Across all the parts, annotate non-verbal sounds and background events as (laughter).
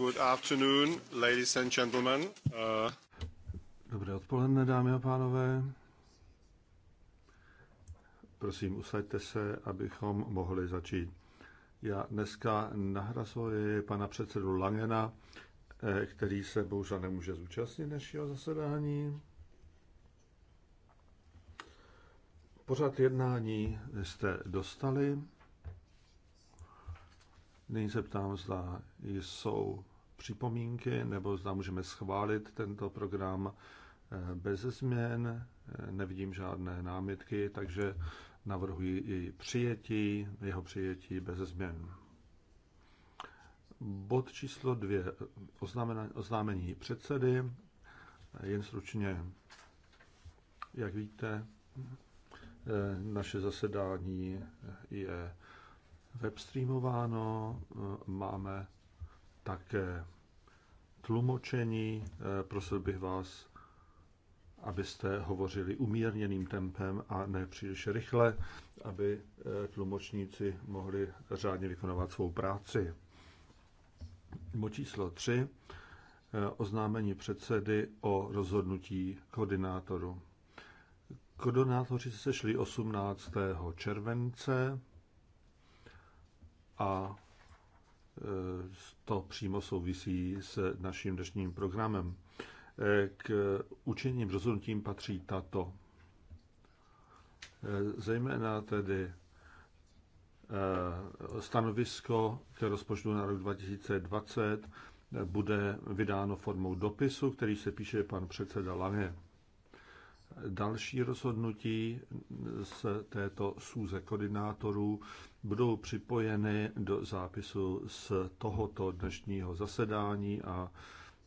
Good afternoon, ladies and gentlemen. Uh, Dobré odpoledne, dámy a pánové. Prosím, usaďte se, abychom mohli začít. Já dneska nahrazuji pana předsedu Langena, eh, který se bohužel nemůže zúčastnit dnešního zasedání. Pořad jednání jste dostali. Nyní se ptám, zda jsou připomínky, nebo zda můžeme schválit tento program eh, bez změn. Eh, nevidím žádné námitky, takže navrhuji její přijetí, jeho přijetí bez změn. Bod číslo dvě, oznámení předsedy. Jen stručně, jak víte, eh, naše zasedání je webstreamováno, máme také tlumočení. Eh, prosil bych vás, abyste hovořili umírněným tempem a ne příliš rychle, aby eh, tlumočníci mohli řádně vykonávat svou práci. Mo číslo 3. Eh, oznámení předsedy o rozhodnutí koordinátoru. Koordinátoři se sešli 18. července a Eh, to přímo souvisí s naším dnešním programem. Eh, k učením rozhodnutím patří tato. Eh, zejména tedy stanovisko k rozpočtu na rok 2020 bude vydáno formou dopisu, který se píše pan předseda Lange. Další rozhodnutí z této sůze koordinátorů budou připojeny do zápisu z tohoto dnešního zasedání a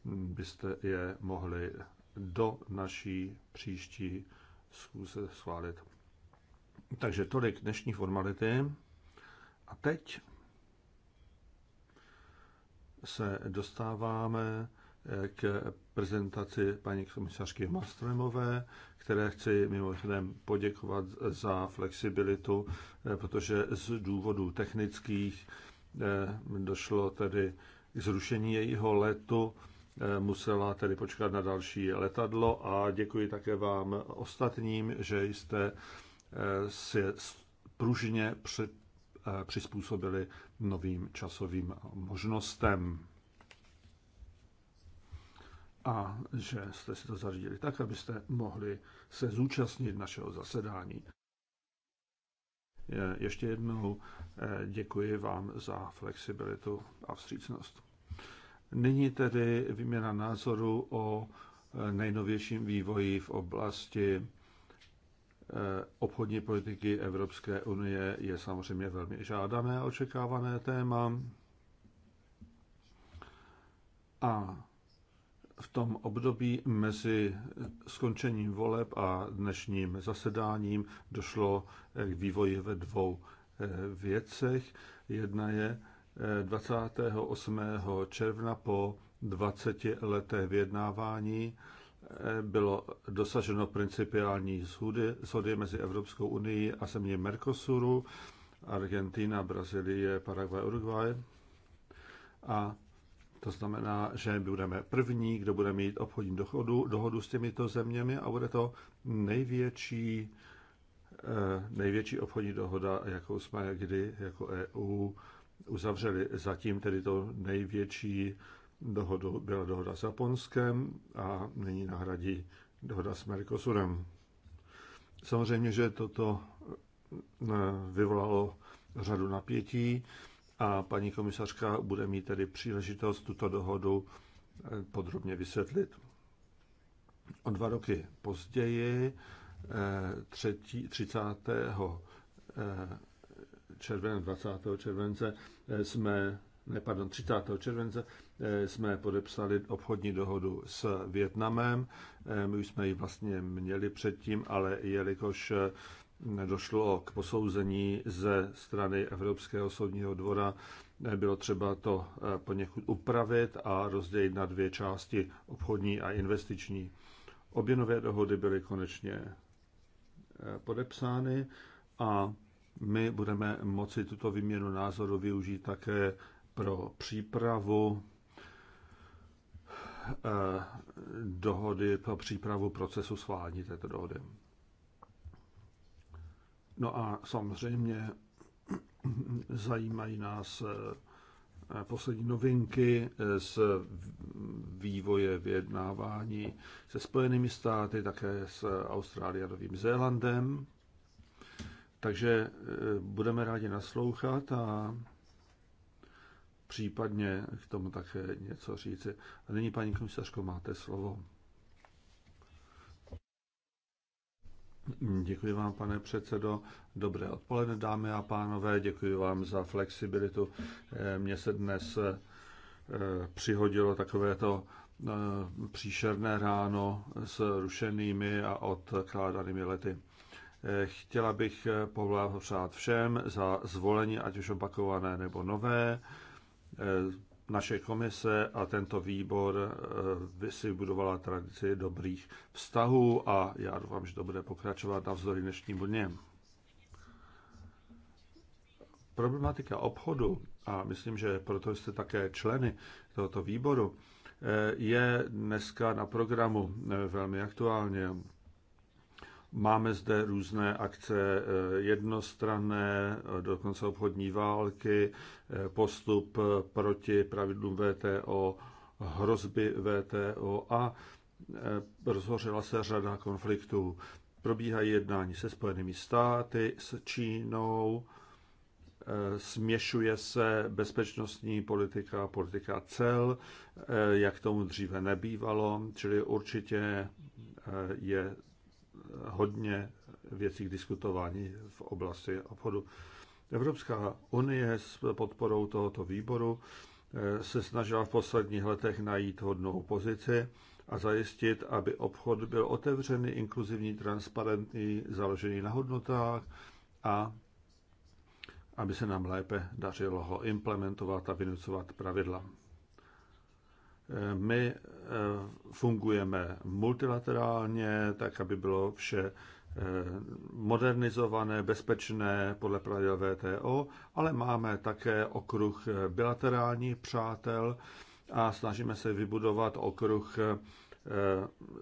byste je mohli do naší příští schůze schválit. Takže tolik dnešní formality. A teď se dostáváme k prezentaci paní komisařky Mastremové, které chci mimochodem poděkovat za flexibilitu, eh, protože z důvodů technických eh, došlo tedy k zrušení jejího letu, eh, musela tedy počkat na další letadlo a děkuji také vám ostatním, že jste si pružně při, přizpůsobili novým časovým možnostem a že jste si to zařídili tak, abyste mohli se zúčastnit našeho zasedání. Ještě jednou eh, děkuji vám za flexibilitu a vstřícnost. Nyní tedy výměna názoru o eh, nejnovějším vývoji v oblasti eh, obchodní politiky Evropské unie je samozřejmě velmi žádané a očekávané téma. A v tom období mezi skončením voleb a dnešním zasedáním došlo k vývoji ve dvou eh, věcech. Jedna je 28. Eh, června po 20 leté vyjednávání eh, bylo dosaženo principiální shody, shody mezi Evropskou unii a země Mercosuru, Argentina, Brazílie, Paraguay, Uruguay. A to znamená, že budeme první, kdo bude mít obchodní dohodu, dohodu s těmito zeměmi a bude to největší, eh, největší obchodní dohoda, jakou jsme kdy jako EU uzavřeli. Zatím tedy to největší dohodu byla dohoda s Japonskem a nyní nahradí dohoda s Mercosurem. Samozřejmě, že toto eh, vyvolalo řadu napětí a paní komisařka bude mít tedy příležitost tuto dohodu eh, podrobně vysvětlit. O dva roky později, 30. Eh, eh, července, 20. července jsme ne, pardon, 30. července jsme podepsali obchodní dohodu s Větnamem. My už jsme ji vlastně měli předtím, ale jelikož nedošlo k posouzení ze strany Evropského soudního dvora. Bylo třeba to eh, poněkud upravit a rozdělit na dvě části, obchodní a investiční. Obě nové dohody byly konečně eh, podepsány a my budeme moci tuto výměnu názoru využít také pro přípravu eh, dohody, pro přípravu procesu schválení této dohody. No a samozřejmě (clears throat) zajímají nás eh, poslední novinky eh, z vývoje vyjednávání se Spojenými státy, také s Austrálií a Novým Zélandem. Takže eh, budeme rádi naslouchat a případně k tomu také něco říci. A nyní, paní komisařko, máte slovo. Děkuji vám, pane předsedo. Dobré odpoledne, dámy a pánové. Děkuji vám za flexibilitu. Eh, mně se dnes eh, přihodilo takovéto eh, příšerné ráno s rušenými a odkládanými lety. Chtěla bych poblahopřát všem za zvolení, ať už opakované nebo nové naše komise a tento výbor eh, si budovala tradici dobrých vztahů a já doufám, že to bude pokračovat navzdory dnešním dně. Problematika obchodu, a myslím, že proto jste také členy tohoto výboru, eh, je dneska na programu eh, velmi aktuálně. Máme zde různé akce eh, jednostranné, eh, dokonce obchodní války, eh, postup proti pravidlům VTO, hrozby VTO a rozhořela se řada konfliktů. Probíhají jednání se Spojenými státy, s Čínou, směšuje se bezpečnostní politika, politika cel, jak tomu dříve nebývalo, čili určitě je hodně věcí k diskutování v oblasti obchodu. Evropská unie s podporou tohoto výboru eh, se snažila v posledních letech najít hodnou pozici a zajistit, aby obchod byl otevřený, inkluzivní, transparentní, založený na hodnotách a aby se nám lépe dařilo ho implementovat a vynucovat pravidla. Eh, my eh, fungujeme multilaterálně, tak aby bylo vše eh, modernizované, bezpečné podle pravidel VTO, ale máme také okruh bilaterálních přátel a snažíme se vybudovat okruh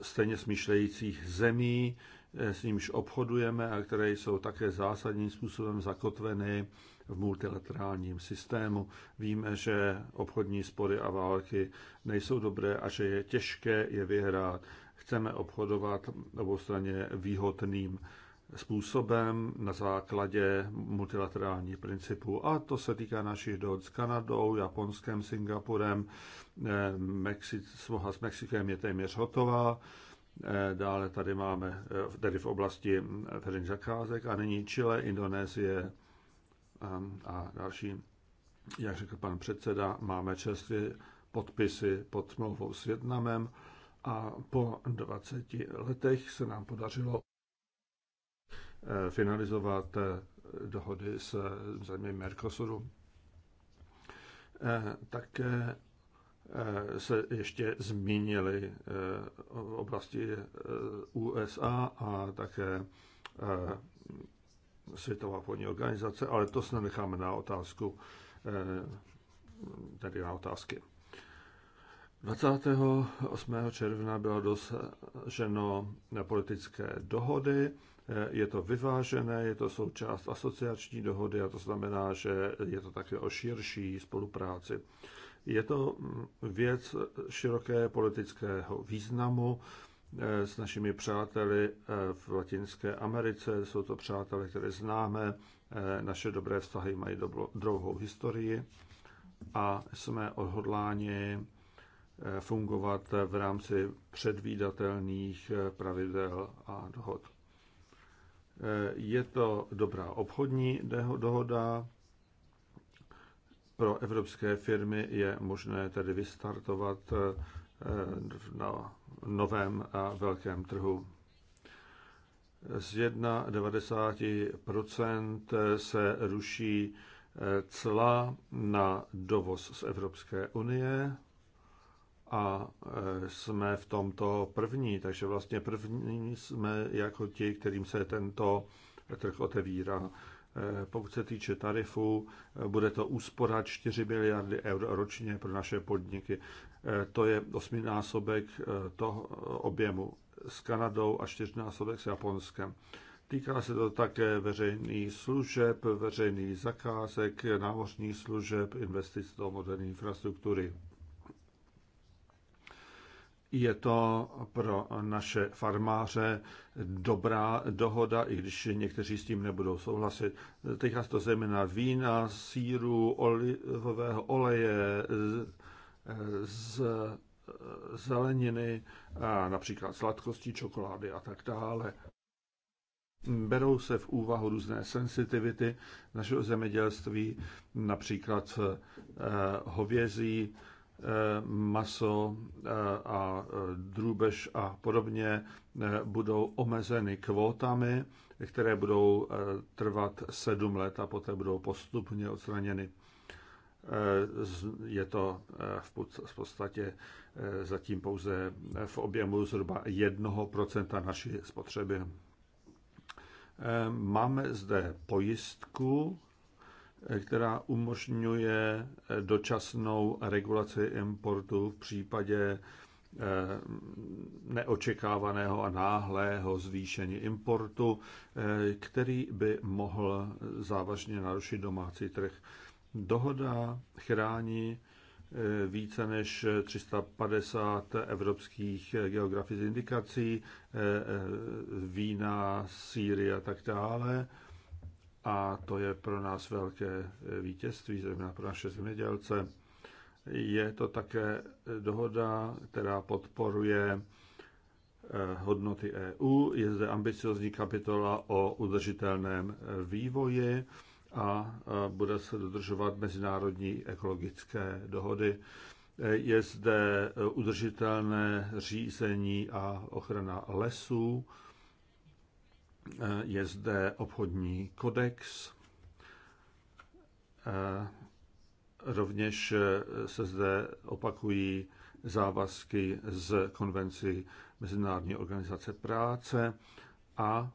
stejně smýšlejících zemí, s nímž obchodujeme a které jsou také zásadním způsobem zakotveny v multilaterálním systému. Víme, že obchodní spory a války nejsou dobré a že je těžké je vyhrát. Chceme obchodovat oboustranně výhodným způsobem na základě multilaterálních principů. A to se týká našich dohod s Kanadou, Japonskem, Singapurem, Mexic, s Mexikem je téměř hotová. Dále tady máme, tedy v oblasti veřejných zakázek a nyní Chile, Indonésie, Ehm, a další. Jak řekl pan předseda, máme čerstvě podpisy pod smlouvou s Větnamem a po 20 letech se nám podařilo eh, finalizovat eh, dohody s zemí Mercosuru. Eh, také se ještě zmínili v oblasti USA a také Světová obchodní organizace, ale to se necháme na otázku, eh, tedy na otázky. 28. června bylo dosaženo politické dohody. Eh, je to vyvážené, je to součást asociační dohody a to znamená, že je to také o širší spolupráci. Je to mm, věc širokého politického významu Eh, s našimi přáteli eh, v Latinské Americe. Jsou to přátelé, které známe, eh, naše dobré vztahy mají dlouhou historii a jsme odhodláni fungovat v rámci předvídatelných pravidel a dohod. Je to dobrá obchodní dohoda. Pro evropské firmy je možné tedy vystartovat na novém a velkém trhu. Z 91% se ruší eh, cla na dovoz z Evropské unie a eh, jsme v tomto první, takže vlastně první jsme jako ti, kterým se tento trh otevírá. Eh, pokud se týče tarifů, bude to úspora 4 miliardy eur ročně pro naše podniky. Eh, to je osminásobek eh, toho eh, objemu s Kanadou a čtyřnásobek s Japonskem. Týká se to také veřejných služeb, veřejných zakázek, námořních služeb, investic do moderní infrastruktury. Je to pro naše farmáře dobrá dohoda, i když někteří s tím nebudou souhlasit. Týká se to zejména vína, síru, olivového oleje, z eh, zeleniny, například sladkostí, čokolády a tak dále. Berou se v úvahu různé sensitivity našeho zemědělství, například eh, hovězí, eh, maso a drůbež a podobně budou omezeny kvótami, které budou trvat sedm let a poté budou postupně odstraněny. Eh, je to eh, v podstatě eh, zatím pouze v objemu zhruba 1% naší spotřeby. Máme zde pojistku, která umožňuje dočasnou regulaci importu v případě neočekávaného a náhlého zvýšení importu, který by mohl závažně narušit domácí trh. Dohoda chrání eh, více než 350 evropských eh, geografických indikací, eh, vína, Sýrie a tak dále. A to je pro nás velké vítězství, zejména pro naše zemědělce. Je to také dohoda, která podporuje hodnoty EU. Je zde ambiciozní kapitola o udržitelném vývoji a bude se dodržovat mezinárodní ekologické dohody. Je zde e, udržitelné řízení a ochrana lesů, e, je zde obchodní kodex, e, rovněž se zde opakují závazky z konvenci Mezinárodní organizace práce a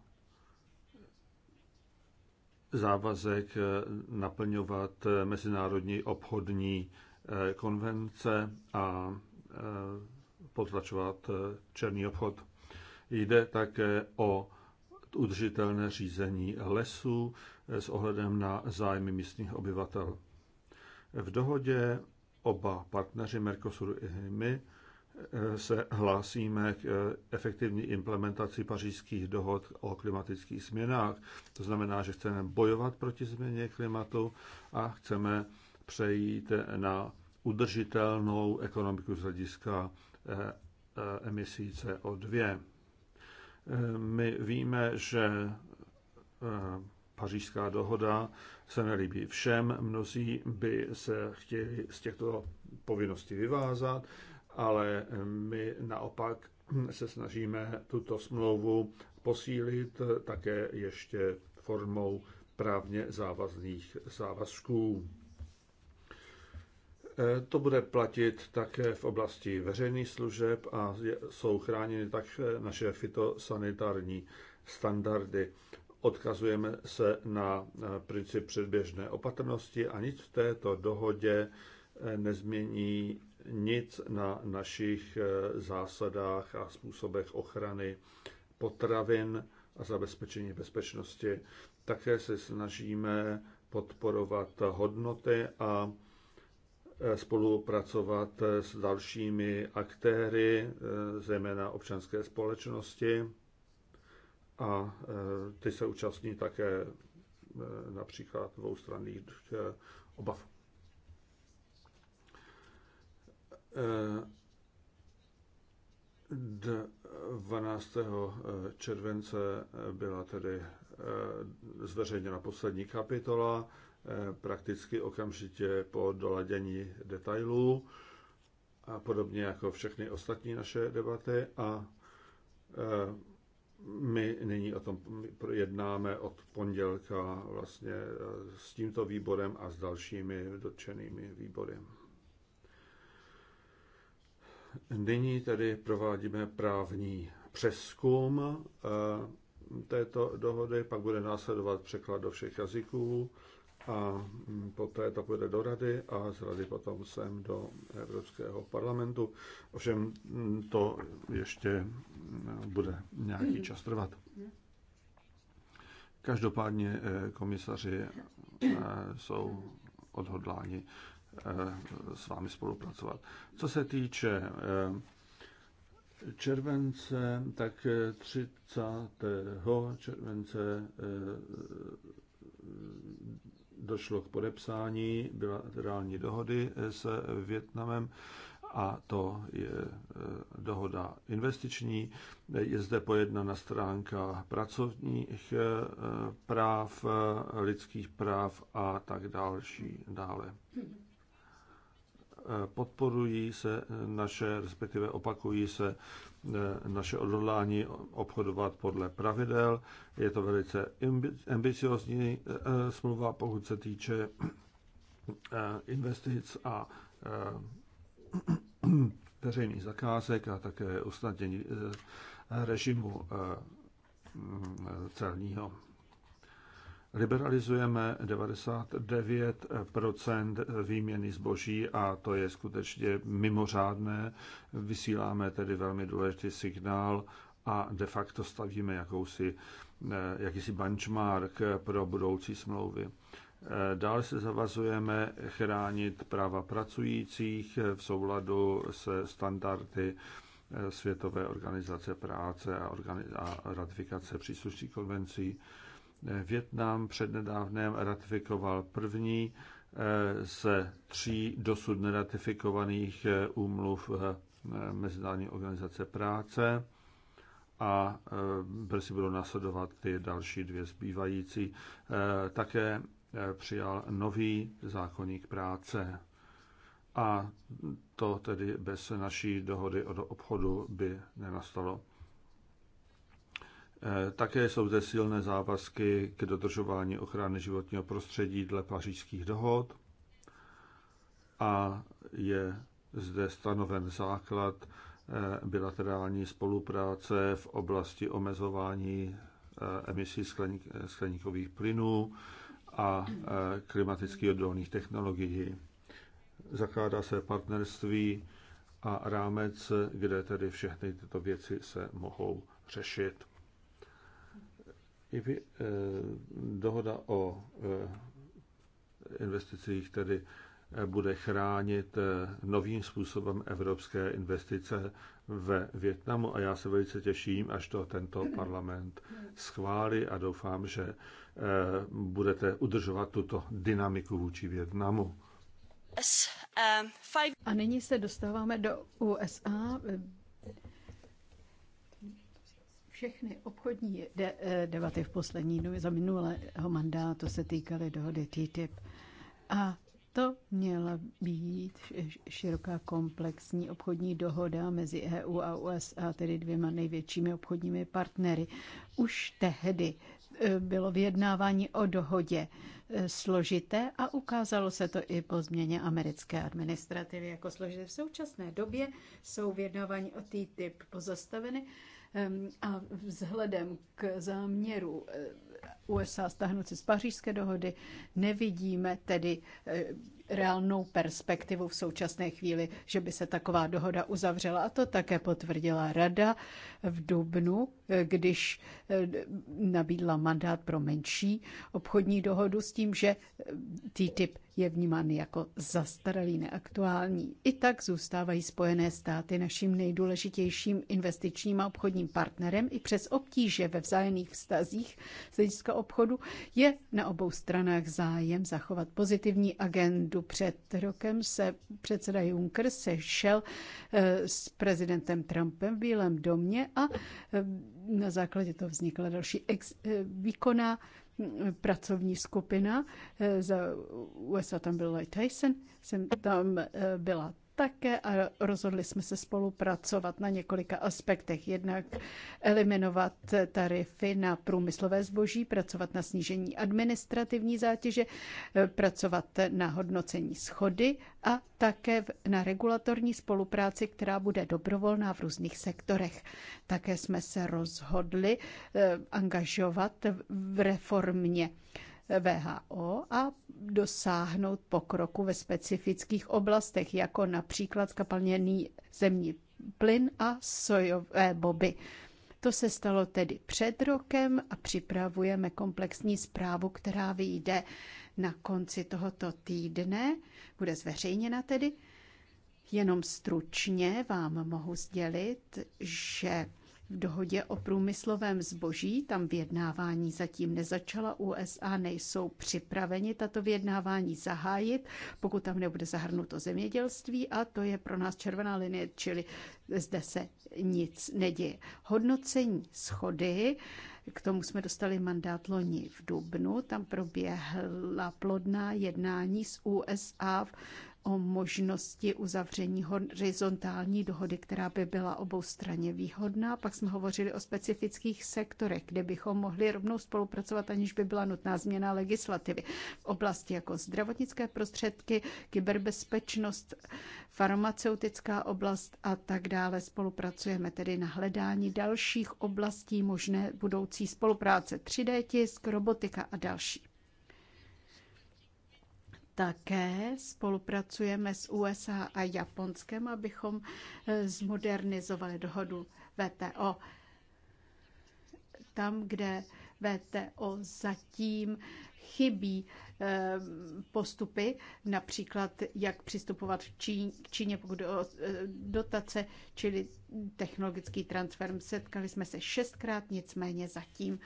závazek eh, naplňovat eh, mezinárodní obchodní eh, konvence a potlačovat černý obchod. Jde také o udržitelné řízení lesů s ohledem na zájmy místních obyvatel. V dohodě oba partneři Mercosuru i my se hlásíme k eh, efektivní implementaci pařížských dohod o klimatických změnách. To znamená, že chceme bojovat proti změně klimatu a chceme přejít na udržitelnou ekonomiku z hlediska eh, eh, emisí CO2. My víme, že pařížská dohoda se nelíbí všem. Mnozí by se chtěli z těchto povinností vyvázat, ale eh, my naopak hm, se snažíme tuto smlouvu posílit eh, také ještě formou právně závazných závazků. Eh, to bude platit také v oblasti veřejných služeb a jsou chráněny tak naše fitosanitární standardy. Odkazujeme se na princip předběžné opatrnosti a nic v této dohodě nezmění nic na našich eh, zásadách a způsobech ochrany potravin a zabezpečení bezpečnosti. Také se snažíme podporovat hodnoty a eh, spolupracovat s dalšími aktéry, eh, zejména občanské společnosti. A ty se účastní také například dvoustranných obav. 12. července byla tedy eh, zveřejněna poslední kapitola, eh, prakticky okamžitě po doladění detailů, a podobně jako všechny ostatní naše debaty. A eh, my nyní o tom jednáme od pondělka vlastně s tímto výborem a s dalšími dotčenými výbory. Nyní tedy provádíme právní přeskum eh, této dohody, pak bude následovat překlad do všech jazyků a mm, poté to půjde do rady a z rady potom sem do Evropského parlamentu. Ovšem mm, to ještě mm, bude nějaký čas trvat. Každopádně eh, komisaři eh, jsou odhodláni s vámi spolupracovat. Co se týče eh, července, tak 30. Eh, července eh, došlo k podepsání bilaterální dohody s Větnamem a to je dohoda investiční. Je zde pojednána stránka pracovních práv, lidských práv a tak další dále podporují se naše, respektive opakují se naše odhodlání obchodovat podle pravidel. Je to velice ambiciozní eh, smlouva, pokud se týče eh, investic a eh, (clears throat) veřejných zakázek a také usnadnění režimu celního liberalizujeme 99 výměny zboží a to je skutečně mimořádné. Vysíláme tedy velmi důležitý signál a de facto stavíme jakousi, eh, jakýsi benchmark pro budoucí smlouvy. Eh, dále se zavazujeme chránit práva pracujících v souladu se standardy eh, Světové organizace práce a, ratifikace příslušných konvencí. Větnam přednedávném ratifikoval první se eh, tří dosud neratifikovaných eh, úmluv eh, Mezinárodní organizace práce a brzy budou nasledovat ty další dvě zbývající. Také přijal nový zákonník práce. A to tedy bez naší dohody o obchodu by nenastalo. Eh, také jsou zde silné závazky k dodržování ochrany životního prostředí dle pařížských dohod a je zde stanoven základ eh, bilaterální spolupráce v oblasti omezování eh, emisí skleníkových plynů a klimaticky odolných technologií. Zakládá se partnerství a rámec, kde tedy všechny tyto věci se mohou řešit. I eh, dohoda o eh, investicích tedy eh, bude chránit novým způsobem evropské investice ve Větnamu a já se velice těším, až to tento parlament schválí a doufám, že budete udržovat tuto dynamiku vůči Větnamu. Um, a nyní se dostáváme do USA. Všechny obchodní de- eh, debaty v poslední době za minulého mandátu se týkaly dohody TTIP. A to měla být široká komplexní obchodní dohoda mezi EU a USA, tedy dvěma největšími obchodními partnery. Už tehdy eh, bylo vyjednávání o dohodě eh, složité a ukázalo se to i po změně americké administrativy jako složité. V současné době jsou vyjednávání o TTIP pozastaveny a vzhledem k záměru eh, USA stáhnout se z pařížské dohody, nevidíme tedy eh, reálnou perspektivu v současné chvíli, že by se taková dohoda uzavřela. A to také potvrdila rada v Dubnu, eh, když nabídla mandát pro menší obchodní dohodu s tím, že TTIP je vnímán jako zastaralý, neaktuální. I tak zůstávají Spojené státy naším nejdůležitějším investičním a obchodním partnerem. I přes obtíže ve vzájemných vztazích z hlediska obchodu je na obou stranách zájem zachovat pozitivní agendu. Před rokem se předseda Juncker sešel eh, s prezidentem Trumpem v Bílém domě a eh, na základě toho vznikla další ex- eh, výkonná pracovní skupina. Eh, za USA tam byl Lloyd Tyson, jsem tam eh, byla také a rozhodli jsme se spolupracovat na několika aspektech. Jednak eliminovat tarify na průmyslové zboží, pracovat na snížení administrativní zátěže, pracovat na hodnocení schody a také na regulatorní spolupráci, která bude dobrovolná v různých sektorech. Také jsme se rozhodli eh, angažovat v reformě VHO a dosáhnout pokroku ve specifických oblastech, jako například kapalněný zemní plyn a sojové boby. To se stalo tedy před rokem a připravujeme komplexní zprávu, která vyjde na konci tohoto týdne, bude zveřejněna tedy. Jenom stručně vám mohu sdělit, že v dohodě o průmyslovém zboží. Tam vyjednávání zatím nezačala. USA nejsou připraveni tato vyjednávání zahájit, pokud tam nebude zahrnuto zemědělství a to je pro nás červená linie, čili zde se nic neděje. Hodnocení schody k tomu jsme dostali mandát loni v Dubnu. Tam proběhla plodná jednání s USA o možnosti uzavření horizontální dohody, která by byla obou straně výhodná. Pak jsme hovořili o specifických sektorech, kde bychom mohli rovnou spolupracovat, aniž by byla nutná změna legislativy. V oblasti jako zdravotnické prostředky, kyberbezpečnost, farmaceutická oblast a tak dále. Spolupracujeme tedy na hledání dalších oblastí možné budoucí spolupráce 3D tisk, robotika a další. Také spolupracujeme s USA a Japonskem, abychom eh, zmodernizovali dohodu VTO. Tam, kde VTO zatím chybí eh, postupy, například jak přistupovat v Čín, k Číně, pokud o eh, dotace, čili technologický transfer. Setkali jsme se šestkrát, nicméně zatím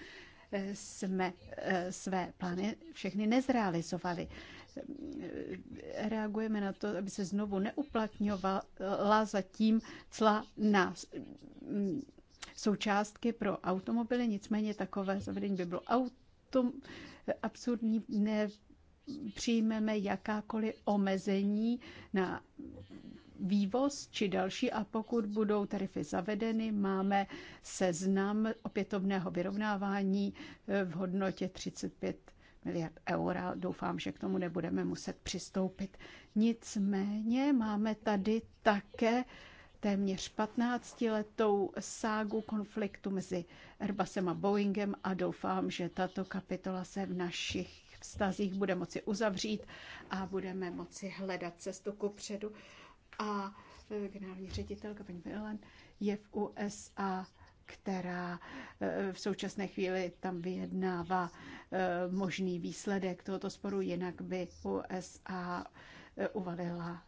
jsme své plány všechny nezrealizovali reagujeme na to, aby se znovu neuplatňovala zatím cla na mm, součástky pro automobily, nicméně takové zavedení by bylo autom, absurdní, ne přijmeme jakákoliv omezení na vývoz či další a pokud budou tarify zavedeny, máme seznam opětovného vyrovnávání v hodnotě 35 miliard eur a doufám, že k tomu nebudeme muset přistoupit. Nicméně máme tady také téměř 15-letou ságu konfliktu mezi Airbusem a Boeingem a doufám, že tato kapitola se v našich vztazích bude moci uzavřít a budeme moci hledat cestu ku předu. A eh, generální ředitelka paní Villen je v USA která eh, v současné chvíli tam vyjednává eh, možný výsledek tohoto sporu, jinak by USA eh, uvalila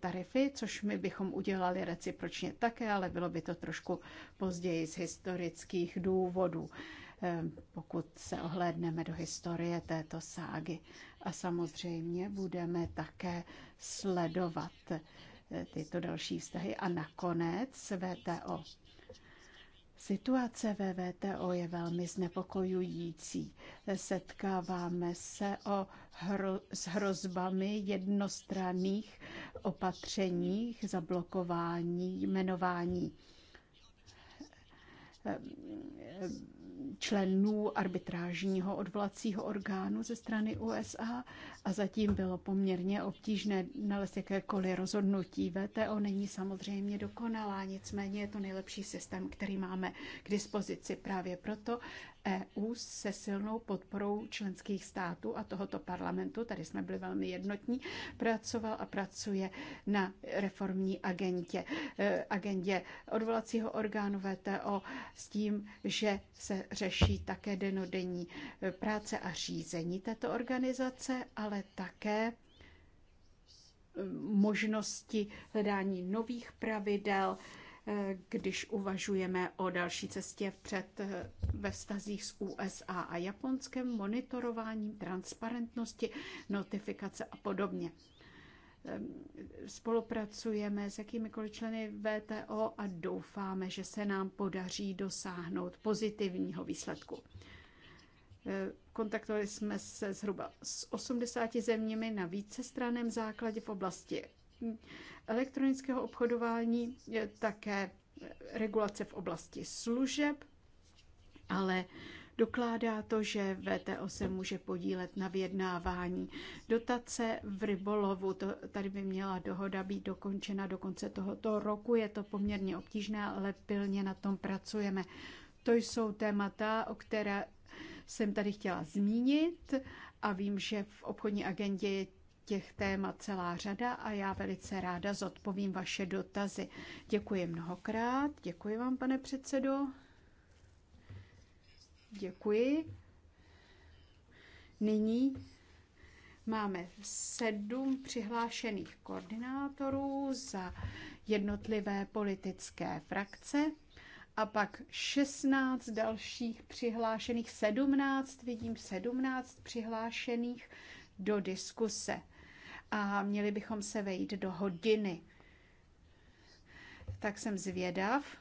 tarify, což my bychom udělali recipročně také, ale bylo by to trošku později z historických důvodů, pokud se ohlédneme do historie této ságy. A samozřejmě budeme také sledovat tyto další vztahy. A nakonec VTO Situace ve VTO je velmi znepokojující. Setkáváme se o hro, s hrozbami jednostranných opatřeních, zablokování, jmenování členů arbitrážního odvolacího orgánu ze strany USA a zatím bylo poměrně obtížné nalézt jakékoliv rozhodnutí. VTO není samozřejmě dokonalá, nicméně je to nejlepší systém, který máme k dispozici. Právě proto EU se silnou podporou členských států a tohoto parlamentu, tady jsme byli velmi jednotní, pracoval a pracuje na reformní agentě, e, agendě odvolacího orgánu VTO s tím, že se řeší také denodenní e, práce a řízení této organizace, ale také e, možnosti hledání nových pravidel, Eh, když uvažujeme o další cestě před eh, ve vztazích s USA a Japonskem, monitorováním transparentnosti, notifikace a podobně spolupracujeme s jakýmikoliv členy VTO a doufáme, že se nám podaří dosáhnout pozitivního výsledku. Eh, kontaktovali jsme se zhruba s 80 zeměmi na vícestraném základě v oblasti elektronického obchodování, také regulace v oblasti služeb, ale Dokládá to, že VTO se může podílet na vyjednávání dotace v rybolovu. To, tady by měla dohoda být dokončena do konce tohoto roku. Je to poměrně obtížné, ale pilně na tom pracujeme. To jsou témata, o které jsem tady chtěla zmínit a vím, že v obchodní agendě je těch témat celá řada a já velice ráda zodpovím vaše dotazy. Děkuji mnohokrát, děkuji vám, pane předsedo. Děkuji. Nyní máme sedm přihlášených koordinátorů za jednotlivé politické frakce a pak 16 dalších přihlášených, 17, vidím 17 přihlášených do diskuse a měli bychom se vejít do hodiny. Tak jsem zvědav,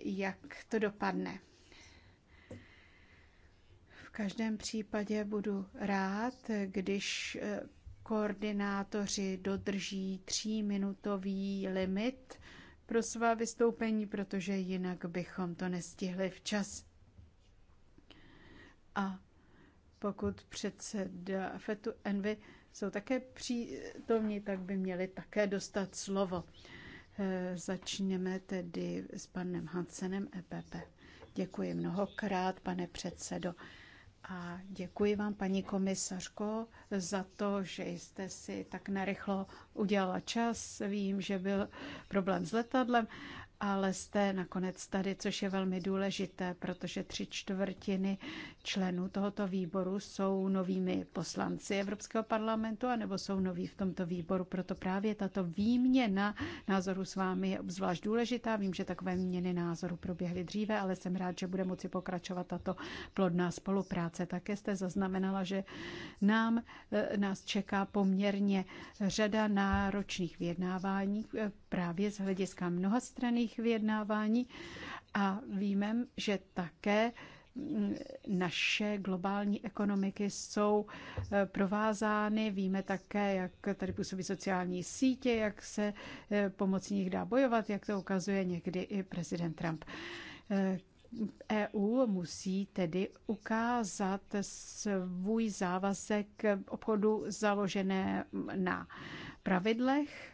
jak to dopadne. V každém případě budu rád, když eh, koordinátoři dodrží tříminutový limit pro svá vystoupení, protože jinak bychom to nestihli včas. A pokud předseda FETU Envy jsou také přítomní, tak by měli také dostat slovo. Eh, Začněme tedy s panem Hansenem EPP. Děkuji mnohokrát, pane předsedo. A děkuji vám, paní komisařko, za to, že jste si tak narychlo udělala čas. Vím, že byl problém s letadlem ale jste nakonec tady, což je velmi důležité, protože tři čtvrtiny členů tohoto výboru jsou novými poslanci Evropského parlamentu, anebo jsou noví v tomto výboru. Proto právě tato výměna názoru s vámi je obzvlášť důležitá. Vím, že takové výměny názoru proběhly dříve, ale jsem rád, že bude moci pokračovat tato plodná spolupráce. Také jste zaznamenala, že nám eh, nás čeká poměrně řada náročných vyjednávání eh, právě z hlediska mnohastranných vyjednávání a víme, že také mm, naše globální ekonomiky jsou e, provázány. Víme také, jak tady působí sociální sítě, jak se e, pomocí nich dá bojovat, jak to ukazuje někdy i prezident Trump. EU e musí tedy ukázat svůj závazek obchodu založené na pravidlech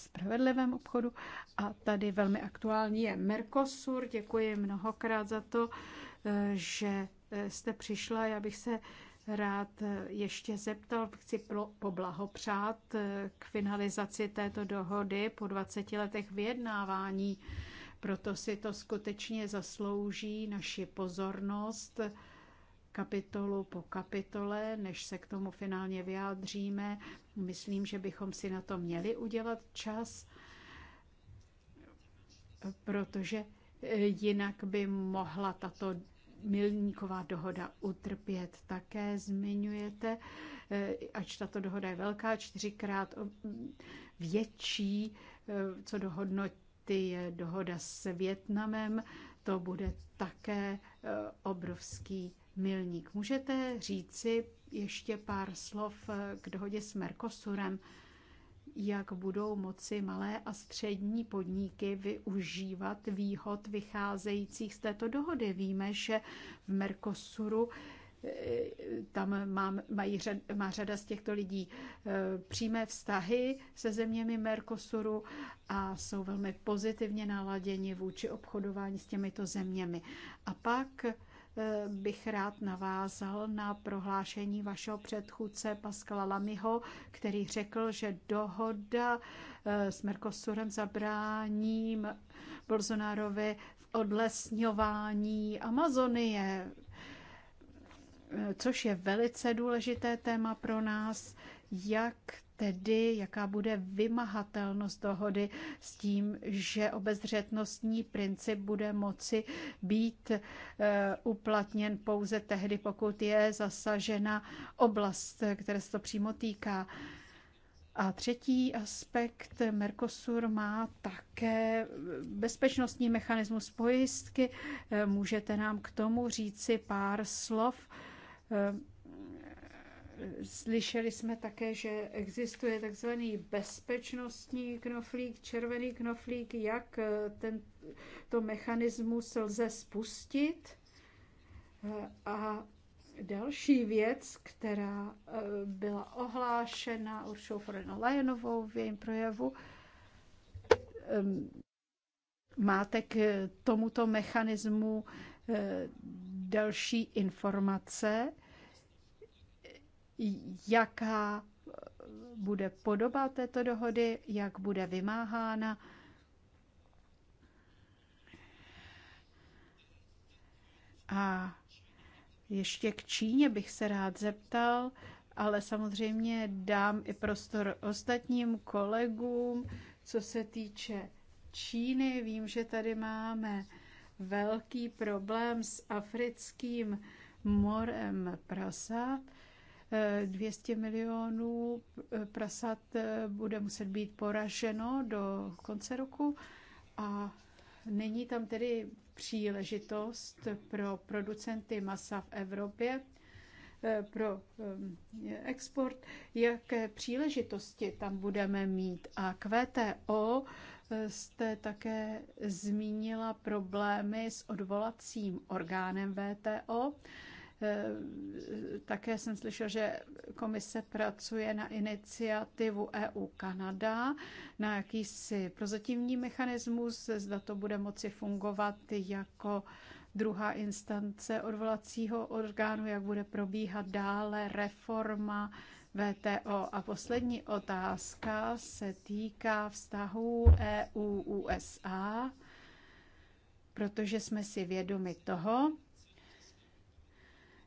spravedlivém obchodu. A tady velmi aktuální je Mercosur. Děkuji mnohokrát za to, eh, že eh, jste přišla. Já bych se rád eh, ještě zeptal, chci poblahopřát k finalizaci této dohody po 20 letech vyjednávání. Proto si to skutečně zaslouží naši pozornost kapitolu po kapitole, než se k tomu finálně vyjádříme. Myslím, že bychom si na to měli udělat čas, protože eh, jinak by mohla tato milníková dohoda utrpět. Také zmiňujete, eh, ač tato dohoda je velká, čtyřikrát eh, větší, co do hodnoty je dohoda s Větnamem, to bude také obrovský milník. Můžete říci ještě pár slov k dohodě s Mercosurem, jak budou moci malé a střední podniky využívat výhod vycházejících z této dohody. Víme, že v Mercosuru eh, tam má, mají řad, má řada z těchto lidí eh, přímé vztahy se zeměmi Mercosuru a jsou velmi pozitivně naladěni vůči obchodování s těmito zeměmi. A pak Eh, bych rád navázal na prohlášení vašeho předchůdce Pascala Lamyho, který řekl, že dohoda eh, s Mercosurem zabrání Bolsonárovi v odlesňování Amazonie, eh, což je velice důležité téma pro nás jak tedy, jaká bude vymahatelnost dohody s tím, že obezřetnostní princip bude moci být e, uplatněn pouze tehdy, pokud je zasažena oblast, které se to přímo týká. A třetí aspekt, Mercosur má také bezpečnostní mechanismus pojistky. Eh, můžete nám k tomu říci pár slov? Eh, Slyšeli jsme také, že existuje takzvaný bezpečnostní knoflík, červený knoflík, jak eh, tento mechanismus lze spustit. Eh, a další věc, která eh, byla ohlášena Uršou Foreno-Lajenovou v jejím projevu, ehm, máte k tomuto mechanismu další informace jaká eh, bude podoba této dohody, jak bude vymáhána. A ještě k Číně bych se rád zeptal, ale samozřejmě dám i prostor ostatním kolegům, co se týče Číny. Vím, že tady máme velký problém s africkým morem prasat. 200 milionů prasat eh, bude muset být poraženo do konce roku a není tam tedy příležitost pro producenty masa v Evropě, eh, pro eh, export, jaké příležitosti tam budeme mít. A k VTO jste také zmínila problémy s odvolacím orgánem VTO. Eh, také jsem slyšel, že komise pracuje na iniciativu EU Kanada, na jakýsi prozatímní mechanismus, zda to bude moci fungovat jako druhá instance odvolacího orgánu, jak bude probíhat dále reforma VTO. A poslední otázka se týká vztahů EU-USA, protože jsme si vědomi toho,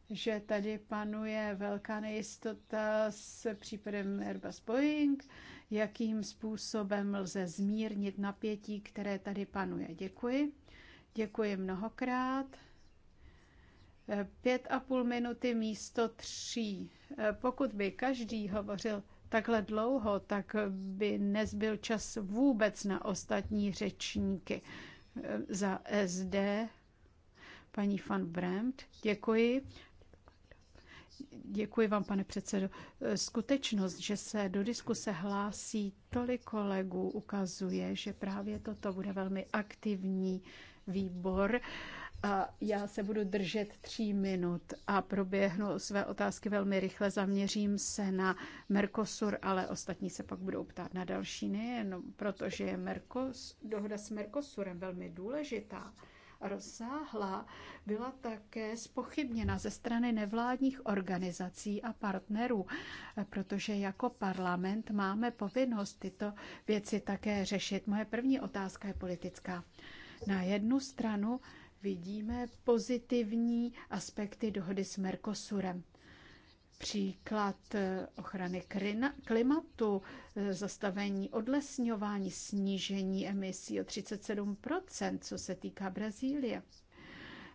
že tady panuje velká nejistota s případem Airbus Boeing, jakým způsobem lze zmírnit napětí, které tady panuje. Děkuji. Děkuji mnohokrát. Pět a půl minuty místo tří. Pokud by každý hovořil takhle dlouho, tak by nezbyl čas vůbec na ostatní řečníky. Za SD paní van Bremt, děkuji. Děkuji vám, pane předsedo. Skutečnost, že se do diskuse hlásí tolik kolegů, ukazuje, že právě toto bude velmi aktivní výbor. A já se budu držet tří minut a proběhnu své otázky velmi rychle. Zaměřím se na Mercosur, ale ostatní se pak budou ptát na další, nejen no, protože je Mercos, dohoda s Mercosurem velmi důležitá rozsáhlá, byla také spochybněna ze strany nevládních organizací a partnerů, protože jako parlament máme povinnost tyto věci také řešit. Moje první otázka je politická. Na jednu stranu vidíme pozitivní aspekty dohody s Mercosurem příklad eh, ochrany klimatu, eh, zastavení odlesňování, snížení emisí o 37 co se týká Brazílie.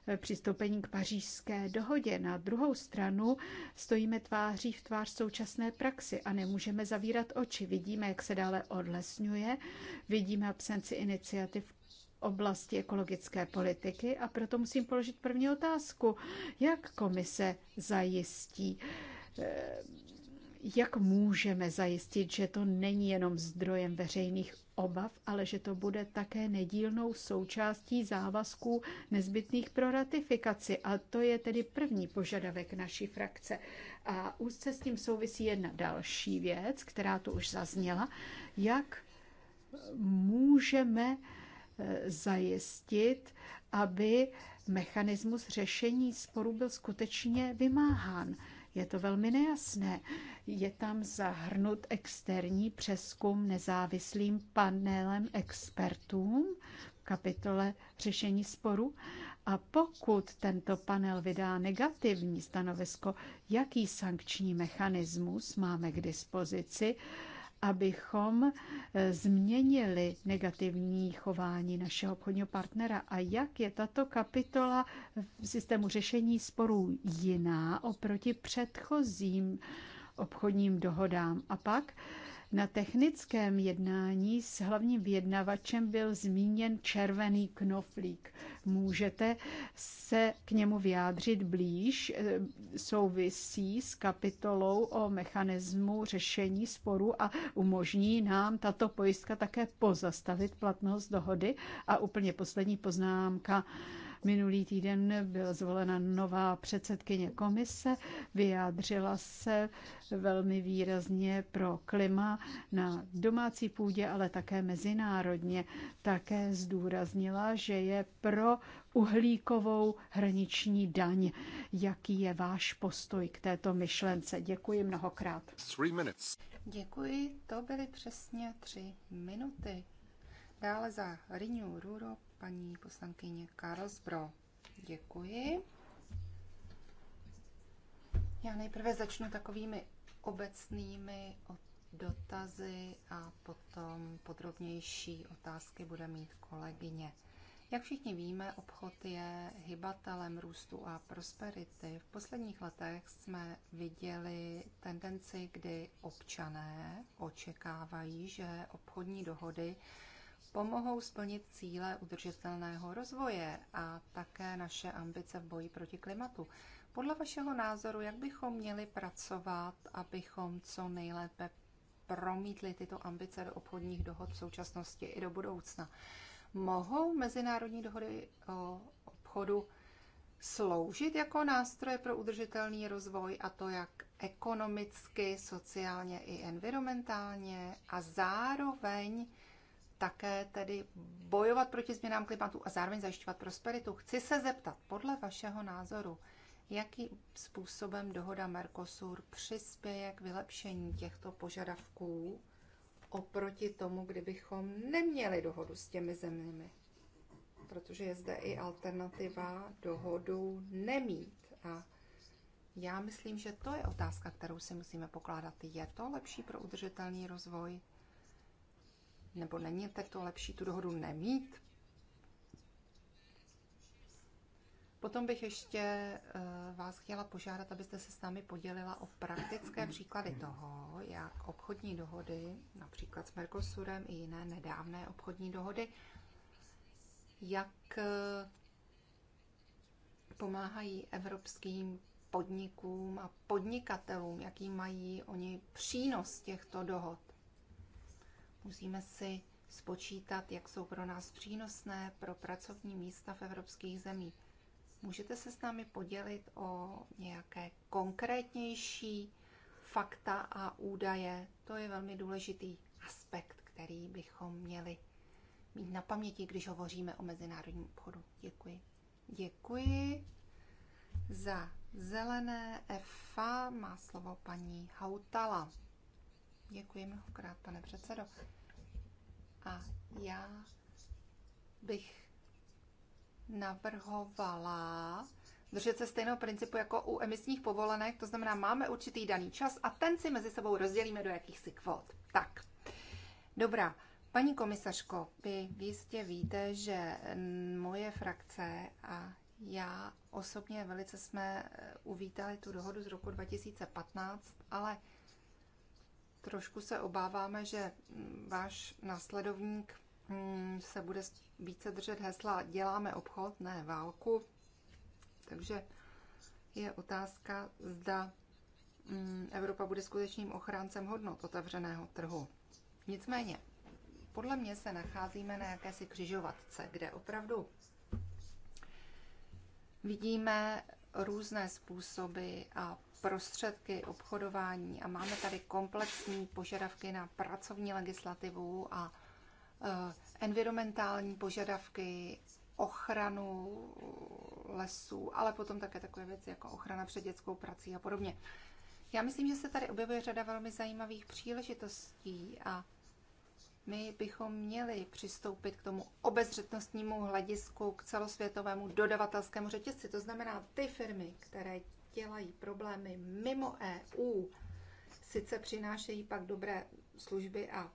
Eh, přistoupení k pařížské dohodě. Na druhou stranu stojíme tváří v tvář současné praxi a nemůžeme zavírat oči. Vidíme, jak se dále odlesňuje, vidíme absenci iniciativ oblasti ekologické politiky a proto musím položit první otázku. Jak komise zajistí, eh, jak můžeme zajistit, že to není jenom zdrojem veřejných obav, ale že to bude také nedílnou součástí závazků nezbytných pro ratifikaci. A to je tedy první požadavek naší frakce. A úzce s tím souvisí jedna další věc, která tu už zazněla. Jak můžeme Eh, zajistit, aby mechanismus řešení sporu byl skutečně vymáhán. Je to velmi nejasné. Je tam zahrnut externí přeskum nezávislým panelem expertům v kapitole řešení sporu. A pokud tento panel vydá negativní stanovisko, jaký sankční mechanismus máme k dispozici, abychom eh, změnili negativní chování našeho obchodního partnera a jak je tato kapitola v systému řešení sporů jiná oproti předchozím obchodním dohodám. A pak na technickém jednání s hlavním vyjednavačem byl zmíněn červený knoflík. Můžete se k němu vyjádřit blíž? E, souvisí s kapitolou o mechanismu řešení sporu a umožní nám tato pojistka také pozastavit platnost dohody? A úplně poslední poznámka. Minulý týden byla zvolena nová předsedkyně komise, vyjádřila se velmi výrazně pro klima na domácí půdě, ale také mezinárodně. Také zdůraznila, že je pro uhlíkovou hraniční daň. Jaký je váš postoj k této myšlence? Děkuji mnohokrát. Three minutes. Děkuji, to byly přesně tři minuty. Dále za Renew Europe paní poslankyně Karlsbro. Děkuji. Já nejprve začnu takovými obecnými dotazy a potom podrobnější otázky bude mít kolegyně. Jak všichni víme, obchod je hybatelem růstu a prosperity. V posledních letech jsme viděli tendenci, kdy občané očekávají, že obchodní dohody pomohou splnit cíle udržitelného rozvoje a také naše ambice v boji proti klimatu. Podle vašeho názoru, jak bychom měli pracovat, abychom co nejlépe promítli tyto ambice do obchodních dohod v současnosti i do budoucna? Mohou mezinárodní dohody o obchodu sloužit jako nástroje pro udržitelný rozvoj a to jak ekonomicky, sociálně i environmentálně a zároveň také tedy bojovat proti změnám klimatu a zároveň zajišťovat prosperitu. Chci se zeptat, podle vašeho názoru, jakým způsobem dohoda Mercosur přispěje k vylepšení těchto požadavků oproti tomu, kdybychom neměli dohodu s těmi zeměmi. Protože je zde i alternativa dohodu nemít. A já myslím, že to je otázka, kterou si musíme pokládat. Je to lepší pro udržitelný rozvoj? Nebo není tak to lepší tu dohodu nemít? Potom bych ještě eh, vás chtěla požádat, abyste se s námi podělila o praktické příklady toho, jak obchodní dohody, například s Mercosurem i jiné nedávné obchodní dohody, jak eh, pomáhají evropským podnikům a podnikatelům, jaký mají oni přínos těchto dohod. Musíme si spočítat, jak jsou pro nás přínosné pro pracovní místa v evropských zemích. Můžete se s námi podělit o nějaké konkrétnější fakta a údaje? To je velmi důležitý aspekt, který bychom měli mít na paměti, když hovoříme o mezinárodním obchodu. Děkuji. Děkuji za zelené FA má slovo paní Hautala. Děkuji mnohokrát, pane předsedo. A já bych navrhovala držet se stejného principu jako u emisních povolenek, to znamená, máme určitý daný čas a ten si mezi sebou rozdělíme do jakýchsi kvót. Tak, dobrá. Paní komisařko, vy jistě víte, že moje frakce a já osobně velice jsme eh, uvítali tu dohodu z roku 2015, ale trošku se obáváme, že mm, váš následovník mm, se bude více držet hesla děláme obchod, ne válku. Takže je otázka, zda mm, Evropa bude skutečným ochráncem hodnot otevřeného trhu. Nicméně, podle mě se nacházíme na jakési křižovatce, kde opravdu vidíme různé způsoby a prostředky obchodování a máme tady komplexní požadavky na pracovní legislativu a eh, environmentální požadavky, ochranu lesů, ale potom také takové věci jako ochrana před dětskou prací a podobně. Já myslím, že se tady objevuje řada velmi zajímavých příležitostí a my bychom měli přistoupit k tomu obezřetnostnímu hledisku, k celosvětovému dodavatelskému řetězci. To znamená, ty firmy, které dělají problémy mimo EU, sice přinášejí pak dobré služby a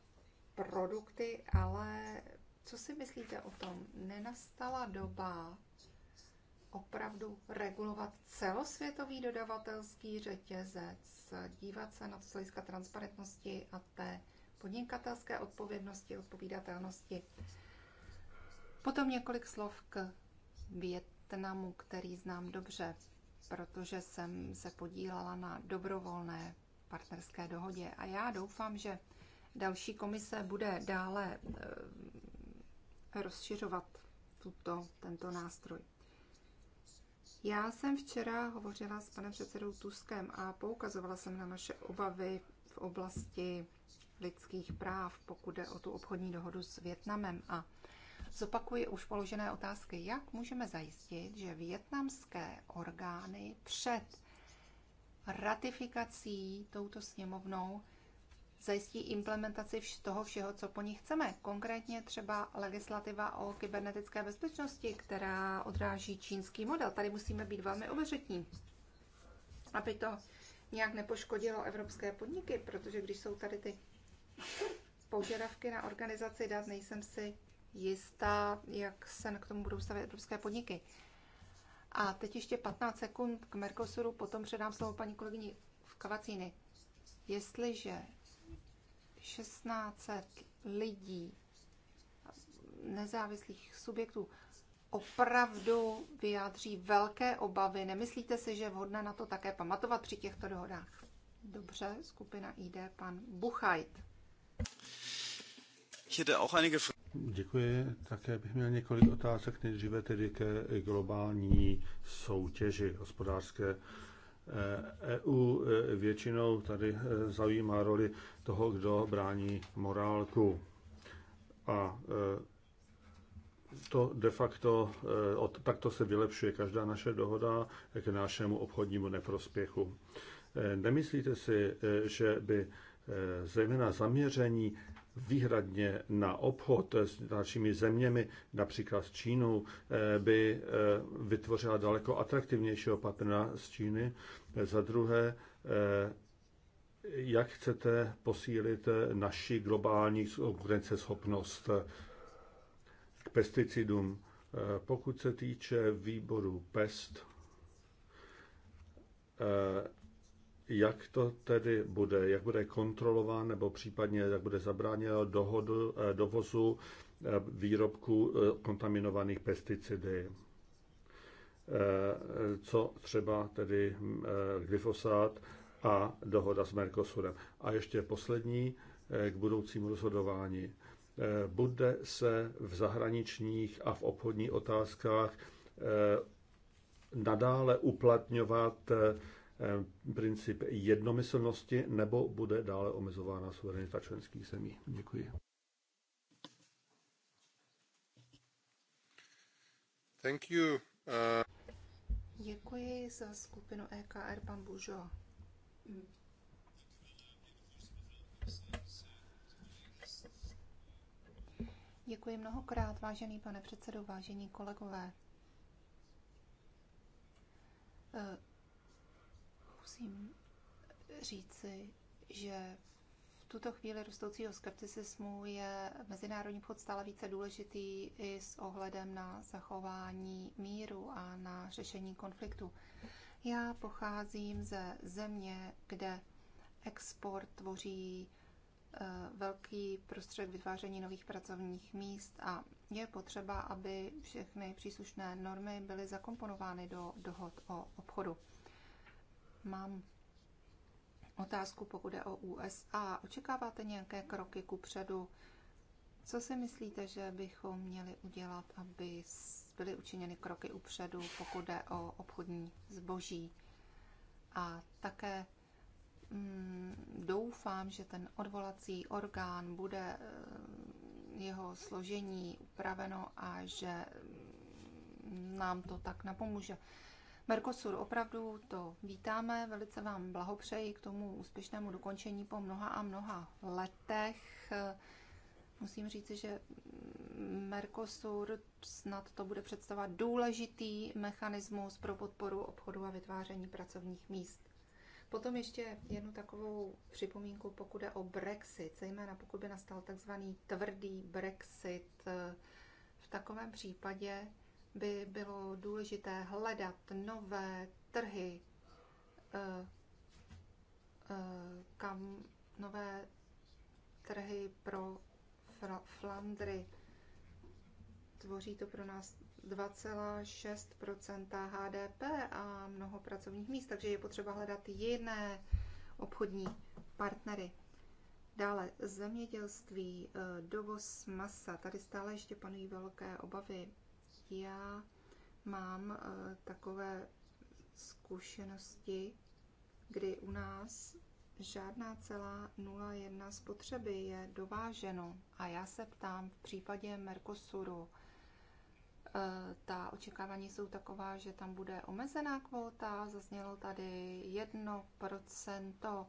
produkty, ale co si myslíte o tom? Nenastala doba opravdu regulovat celosvětový dodavatelský řetězec, dívat se na to z hlediska transparentnosti a té podnikatelské odpovědnosti, odpovídatelnosti. Potom několik slov k Větnamu, který znám dobře protože jsem se podílela na dobrovolné partnerské dohodě. A já doufám, že další komise bude dále eh, rozšiřovat tuto, tento nástroj. Já jsem včera hovořila s panem předsedou Tuskem a poukazovala jsem na naše obavy v oblasti lidských práv, pokud jde o tu obchodní dohodu s Větnamem. A Zopakuji už položené otázky. Jak můžeme zajistit, že větnamské orgány před ratifikací touto sněmovnou zajistí implementaci toho všeho, co po ní chceme. Konkrétně třeba legislativa o kybernetické bezpečnosti, která odráží čínský model. Tady musíme být velmi obezřetní, aby to nějak nepoškodilo evropské podniky, protože když jsou tady ty požadavky na organizaci dat, nejsem si jistá, jak se k tomu budou stavět evropské podniky. A teď ještě 15 sekund k Mercosuru, potom předám slovo paní kolegyni v Kavacíny. Jestliže 1600 lidí, nezávislých subjektů, opravdu vyjádří velké obavy, nemyslíte si, že je vhodné na to také pamatovat při těchto dohodách? Dobře, skupina ID, pan Buchajt. Ich hätte auch einige Děkuji. Také bych měl několik otázek nejdříve tedy ke globální soutěži hospodářské. EU e e, většinou tady e, zajímá roli toho, kdo brání morálku. A to de facto, takto se vylepšuje každá naše dohoda k našemu obchodnímu neprospěchu. Nemyslíte si, že by zejména zaměření výhradně na obchod s dalšími zeměmi, například s Čínou, eh, by eh, vytvořila daleko atraktivnějšího partnera z Číny. Za druhé, eh, jak chcete posílit naši globální konkurenceschopnost k pesticidům? Pokud se týče výboru PEST, jak to tedy bude, jak bude kontrolován nebo případně jak bude zabráněno dohodu, eh, dovozu eh, výrobků eh, kontaminovaných pesticidy. Co třeba tedy glyfosát a dohoda s Mercosurem. A ještě poslední k budoucímu rozhodování. Bude se v zahraničních a v obchodních otázkách nadále uplatňovat Eh, princip jednomyslnosti nebo bude dále omezována suverenita členských zemí. Děkuji. Thank you. Uh... Děkuji za skupinu EKR pan Bužo. Děkuji mnohokrát, vážený pane předsedo, vážení kolegové. Uh, musím říci, že v tuto chvíli rostoucího skepticismu je mezinárodní obchod stále více důležitý i s ohledem na zachování míru a na řešení konfliktu. Já pocházím ze země, kde export tvoří eh, velký prostředek vytváření nových pracovních míst a je potřeba, aby všechny příslušné normy byly zakomponovány do dohod o obchodu. Mám otázku, pokud je o USA. Očekáváte nějaké kroky ku předu? Co si myslíte, že bychom měli udělat, aby byly učiněny kroky upředu, pokud jde o obchodní zboží? A také mm, doufám, že ten odvolací orgán bude eh, jeho složení upraveno a že mm, nám to tak napomůže. Mercosur, opravdu to vítáme, velice vám blahopřeji k tomu úspěšnému dokončení po mnoha a mnoha letech. Musím říci, že Mercosur snad to bude představovat důležitý mechanismus pro podporu obchodu a vytváření pracovních míst. Potom ještě jednu takovou připomínku, pokud je o Brexit, zejména pokud by nastal takzvaný tvrdý Brexit. V takovém případě by bylo důležité hledat nové trhy, eh, eh, kam nové trhy pro Flandry. Tvoří to pro nás 2,6 HDP a mnoho pracovních míst, takže je potřeba hledat jiné obchodní partnery. Dále zemědělství, eh, dovoz masa. Tady stále ještě panují velké obavy já mám eh, takové zkušenosti, kdy u nás žádná celá 0,1 spotřeby je dováženo. A já se ptám, v případě Mercosuru, eh, ta očekávání jsou taková, že tam bude omezená kvóta, zaznělo tady 1%,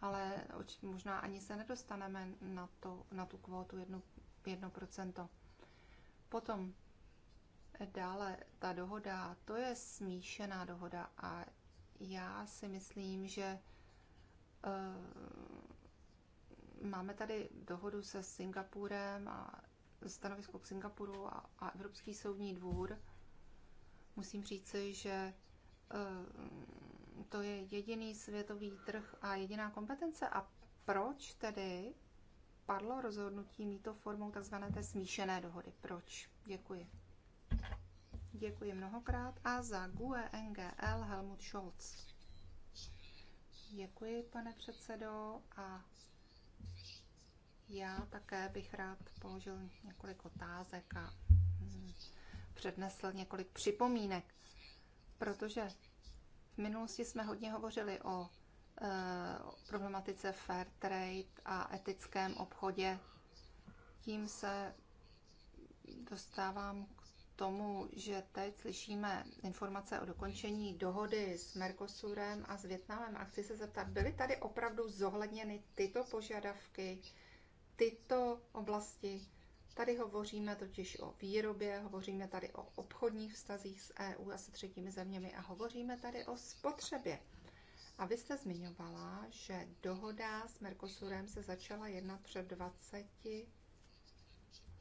ale možná ani se nedostaneme na, to, na tu kvótu 1%. Potom Dále, ta dohoda, to je smíšená dohoda a já si myslím, že uh, máme tady dohodu se Singapurem a stanovisko k Singapuru a, a Evropský soudní dvůr. Musím říci, že uh, to je jediný světový trh a jediná kompetence. A proč tedy padlo rozhodnutí mít to formou tzv. té smíšené dohody? Proč? Děkuji. Děkuji mnohokrát. A za GUE NGL Helmut Scholz. Děkuji, pane předsedo. A já také bych rád položil několik otázek a hm, přednesl několik připomínek, protože v minulosti jsme hodně hovořili o e, problematice fair trade a etickém obchodě. Tím se dostávám tomu, že teď slyšíme informace o dokončení dohody s Mercosurem a s Větnamem a chci se zeptat, byly tady opravdu zohledněny tyto požadavky, tyto oblasti? Tady hovoříme totiž o výrobě, hovoříme tady o obchodních vztazích s EU a se třetími zeměmi a hovoříme tady o spotřebě. A vy jste zmiňovala, že dohoda s Mercosurem se začala jednat před 20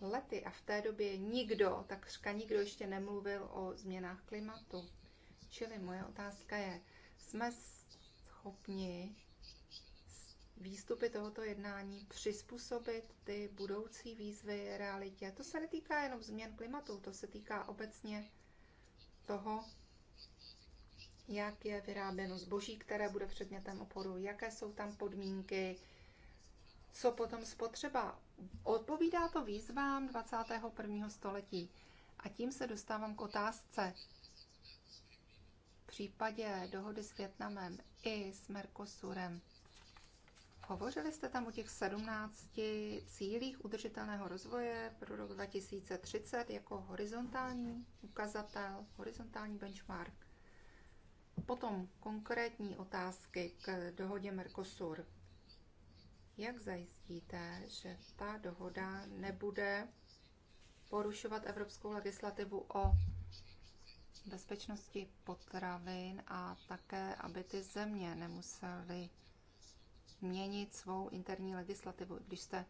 lety a v té době nikdo, takřka nikdo ještě nemluvil o změnách klimatu. Čili moje otázka je, jsme schopni výstupy tohoto jednání přizpůsobit ty budoucí výzvy realitě. To se netýká jenom změn klimatu, to se týká obecně toho, jak je vyráběno zboží, které bude předmětem oporu, jaké jsou tam podmínky, co potom spotřeba. Odpovídá to výzvám 21. století. A tím se dostávám k otázce. V případě dohody s Větnamem i s Mercosurem, hovořili jste tam o těch 17 cílích udržitelného rozvoje pro rok 2030 jako horizontální ukazatel, horizontální benchmark. Potom konkrétní otázky k dohodě Mercosur. Jak zajistíte, že ta dohoda nebude porušovat evropskou legislativu o bezpečnosti potravin a také, aby ty země nemusely měnit svou interní legislativu, když jste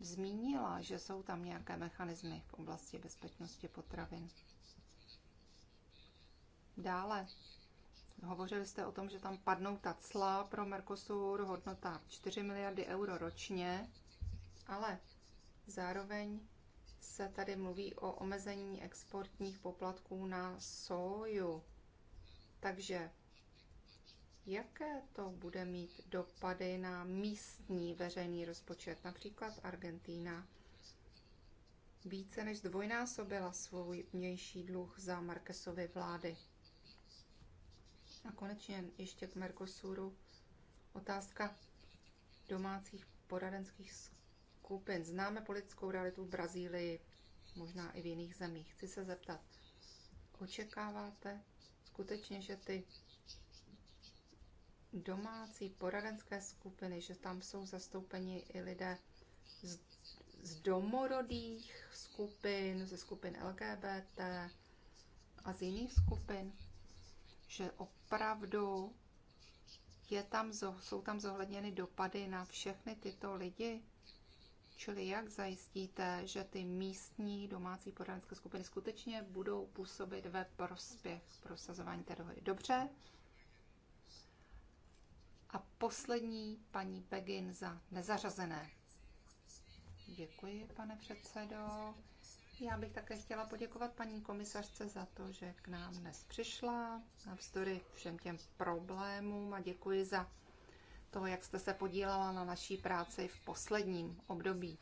zmínila, že jsou tam nějaké mechanismy v oblasti bezpečnosti potravin. Dále Hovořili jste o tom, že tam padnou ta cla pro Mercosur, hodnota 4 miliardy euro ročně, ale zároveň se tady mluví o omezení exportních poplatků na soju. Takže jaké to bude mít dopady na místní veřejný rozpočet, například Argentína? Více než zdvojnásobila svůj vnější dluh za Markesovy vlády. A konečně ještě k Mercosuru otázka domácích poradenských skupin. Známe politickou realitu v Brazílii, možná i v jiných zemích. Chci se zeptat, očekáváte skutečně, že ty domácí poradenské skupiny, že tam jsou zastoupeni i lidé z, z domorodých skupin, ze skupin LGBT a z jiných skupin? že opravdu je tam, jsou tam zohledněny dopady na všechny tyto lidi? Čili jak zajistíte, že ty místní domácí poradenské skupiny skutečně budou působit ve prospěch prosazování té dohody? Dobře. A poslední paní Begin za nezařazené. Děkuji, pane předsedo. Já bych také chtěla poděkovat paní komisařce za to, že k nám dnes přišla, navzdory všem těm problémům a děkuji za to, jak jste se podílela na naší práci v posledním období.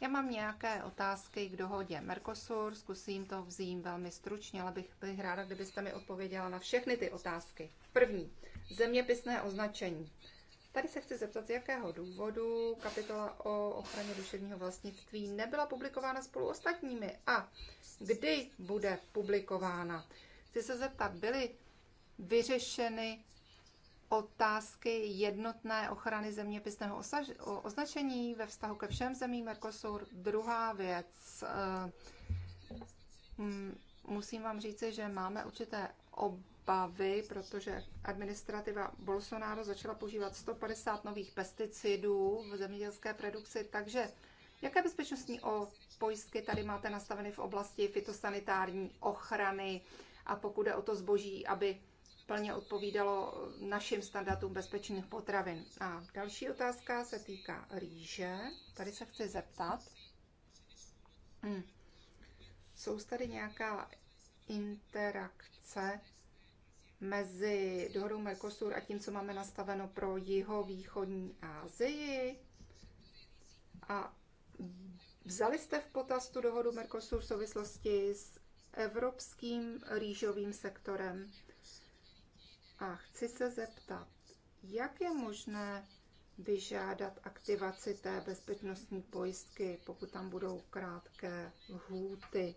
Já mám nějaké otázky k dohodě Mercosur, zkusím to vzít velmi stručně, ale bych, bych ráda, kdybyste mi odpověděla na všechny ty otázky. První, zeměpisné označení. Tady se chci zeptat, z jakého důvodu kapitola o ochraně duševního vlastnictví nebyla publikována spolu ostatními a kdy bude publikována. Chci se zeptat, byly vyřešeny otázky jednotné ochrany zeměpisného označení ve vztahu ke všem zemím Mercosur. Druhá věc, eh, musím vám říci, že máme určité ob obavy, protože administrativa Bolsonaro začala používat 150 nových pesticidů v zemědělské produkci, takže jaké bezpečnostní pojistky tady máte nastaveny v oblasti fitosanitární ochrany a pokud je o to zboží, aby plně odpovídalo našim standardům bezpečných potravin. A další otázka se týká rýže. Tady se chci zeptat. Hmm. Jsou tady nějaká interakce mezi dohodou Mercosur a tím, co máme nastaveno pro jihovýchodní Asii. A vzali jste v potaz tu dohodu Mercosur v souvislosti s evropským rýžovým sektorem. A chci se zeptat, jak je možné vyžádat aktivaci té bezpečnostní pojistky, pokud tam budou krátké hůty?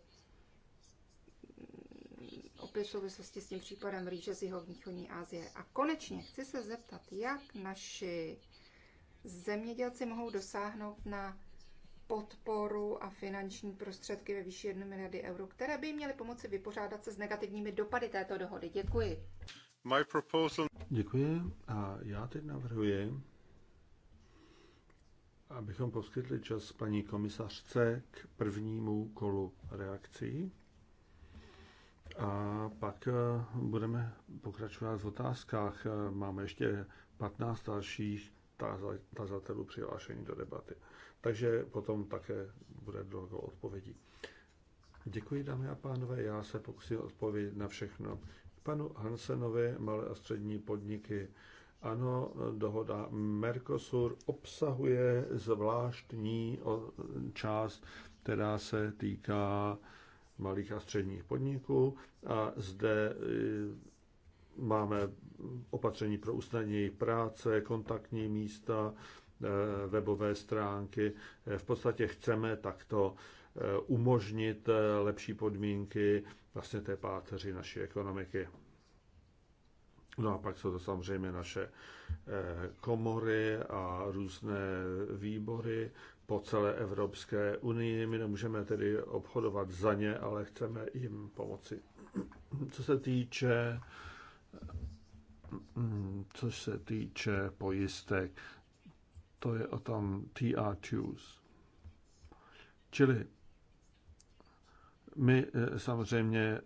v souvislosti s tím případem rýže z jeho východní Asie. A konečně chci se zeptat, jak naši zemědělci mohou dosáhnout na podporu a finanční prostředky ve výši 1 miliardy euro, které by měly pomoci vypořádat se s negativními dopady této dohody. Děkuji. My proposal... Děkuji a já teď navrhuji, abychom poskytli čas paní komisařce k prvnímu kolu reakcí. A pak eh, budeme pokračovat v otázkách. Eh, máme ještě 15 dalších tazatelů přihlášení do debaty. Takže potom také bude dlouho odpovědí. Děkuji, dámy a pánové. Já se pokusím odpovědět na všechno. Panu Hansenovi, malé a střední podniky. Ano, dohoda Mercosur obsahuje zvláštní část, která se týká malých a středních podniků a zde eh, máme opatření pro usnadnění práce, kontaktní místa, eh, webové stránky. Eh, v podstatě chceme takto umožnit lepší podmínky vlastně té páteři naší ekonomiky. No a pak jsou to samozřejmě naše komory a různé výbory, po celé Evropské unii. My nemůžeme tedy obchodovat za ně, ale chceme jim pomoci. Co se týče co se týče pojistek, to je o tom TR Choose. Čili my eh, samozřejmě, eh,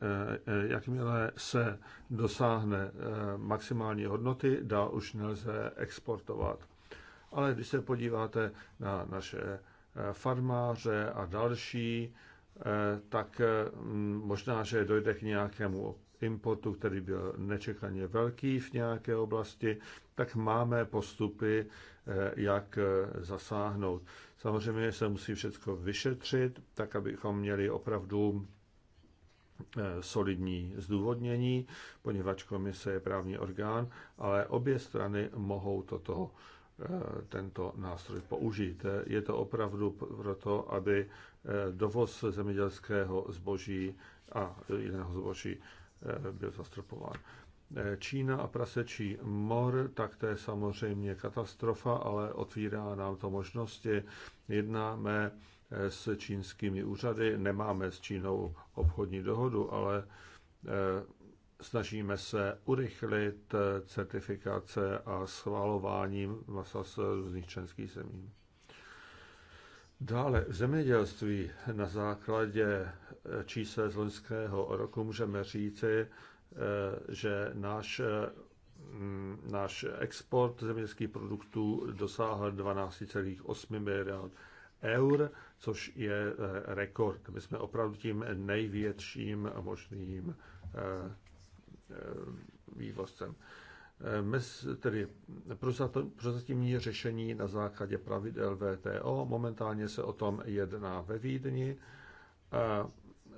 jakmile se dosáhne eh, maximální hodnoty, dál už nelze exportovat. Ale když se podíváte na naše eh, farmáře a další, eh, tak eh, možná, že dojde k nějakému importu, který byl nečekaně velký v nějaké oblasti, tak máme postupy, jak zasáhnout. Samozřejmě se musí všechno vyšetřit, tak abychom měli opravdu solidní zdůvodnění, poněvadž komise je právní orgán, ale obě strany mohou toto Eh, tento nástroj použít. Je to opravdu proto, aby eh, dovoz zemědělského zboží a jiného zboží eh, byl zastropován. Čína a prasečí mor, tak to je samozřejmě katastrofa, ale otvírá nám to možnosti. Jednáme s čínskými úřady, nemáme s Čínou obchodní dohodu, ale Snažíme se urychlit certifikace a schvalování masa z různých členských zemí. Dále v zemědělství na základě čísel z loňského roku můžeme říci, eh, že náš, mm, náš export zemědělských produktů dosáhl 12,8 miliard eur, což je eh, rekord. My jsme opravdu tím největším možným eh, Eh, vývozcem. Eh, Mez, tedy prozatímní řešení na základě pravidel VTO. Momentálně se o tom jedná ve Vídni. Eh,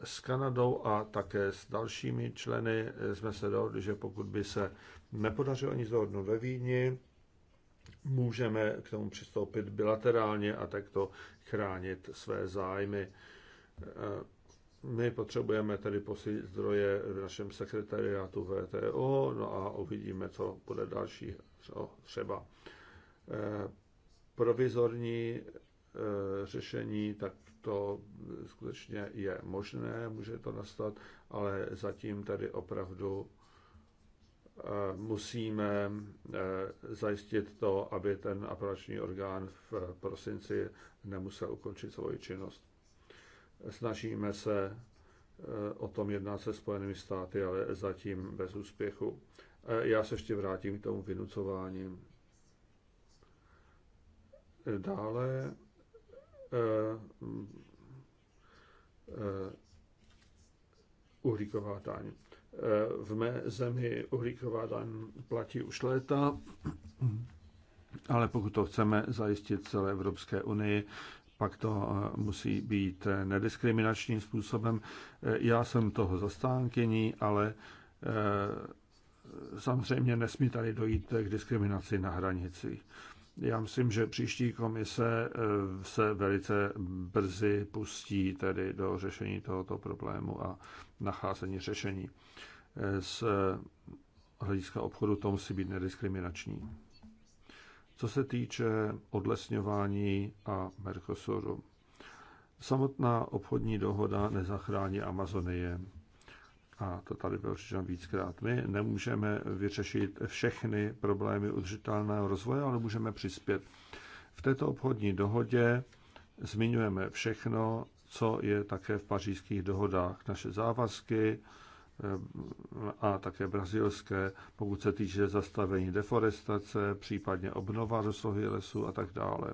s Kanadou a také s dalšími členy jsme se dohodli, že pokud by se nepodařilo nic dohodnout ve Vídni, můžeme k tomu přistoupit bilaterálně a takto chránit své zájmy. My potřebujeme tedy posílit zdroje v našem sekretariátu VTO, no a uvidíme, co bude další co třeba. Eh, provizorní eh, řešení, tak to skutečně je možné, může to nastat, ale zatím tady opravdu eh, musíme zajistit to, aby ten apelační orgán v prosinci nemusel ukončit svoji činnost. Snažíme se eh, o tom jednat se Spojenými státy, ale zatím bez úspěchu. Eh, já se ještě vrátím k tomu vynucování. Eh, dále uhlíková daň. V mé zemi uhlíková daň platí už léta, ale pokud to chceme zajistit celé Evropské unii, pak to eh, musí být eh, nediskriminačním způsobem. Eh, já jsem toho zastánkyní, ale samozřejmě nesmí tady dojít k diskriminaci na hranici. Já myslím, že příští komise se velice brzy pustí tedy do řešení tohoto problému a nacházení řešení. Z hlediska obchodu to musí být nediskriminační co se týče odlesňování a Mercosuru. Samotná obchodní dohoda nezachrání Amazonie. A to tady bylo řečeno víckrát. My nemůžeme vyřešit všechny problémy udržitelného rozvoje, ale můžeme přispět. V této obchodní dohodě zmiňujeme všechno, co je také v pařížských dohodách. Naše závazky, Eh, a také brazilské, pokud se týče zastavení deforestace, případně obnova rozlohy lesů a tak dále.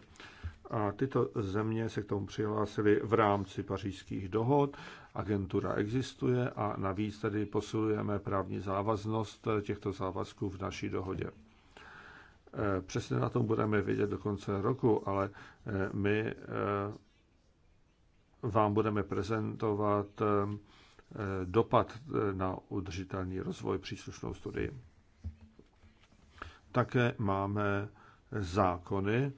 A tyto země se k tomu přihlásily v rámci pařížských dohod. Agentura existuje a navíc tedy posilujeme právní závaznost těchto závazků v naší dohodě. Eh, přesně na tom budeme vědět do konce roku, ale eh, my vám budeme prezentovat Eh, dopad eh, na udržitelný rozvoj příslušnou studii. Také máme zákony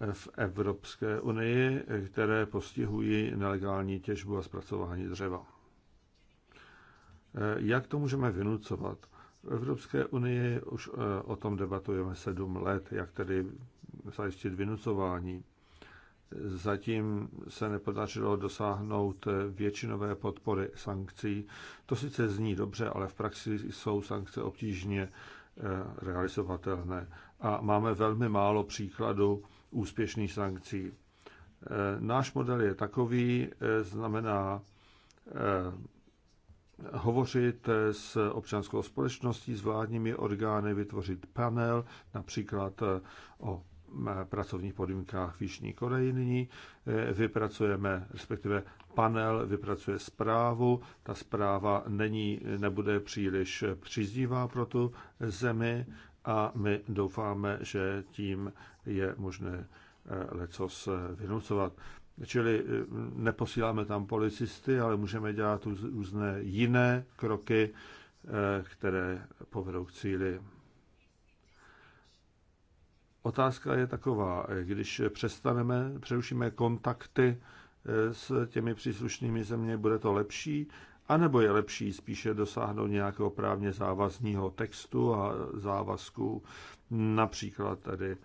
eh, v Evropské unii, které postihují nelegální těžbu a zpracování dřeva. Jak to můžeme vynucovat? V Evropské unii už o tom debatujeme sedm let, jak tedy zajistit vynucování. Zatím se nepodařilo dosáhnout většinové podpory sankcí. To sice zní dobře, ale v praxi jsou sankce obtížně eh, realizovatelné. A máme velmi málo příkladů úspěšných sankcí. Eh, náš model je takový, eh, znamená hovořit s občanskou společností, s vládními orgány, vytvořit panel, například o pracovních podmínkách v Jižní Koreji nyní. Eh, vypracujeme, respektive panel vypracuje zprávu. Ta zpráva není, nebude příliš příznivá pro tu zemi a my doufáme, že tím je možné eh, lecos eh, vynucovat. Čili neposíláme tam policisty, ale můžeme dělat různé jiné kroky, které povedou k cíli. Otázka je taková, když přestaneme, přerušíme kontakty eh, s těmi příslušnými země, bude to lepší, anebo je lepší spíše dosáhnout nějakého právně závazního textu a závazku, například tedy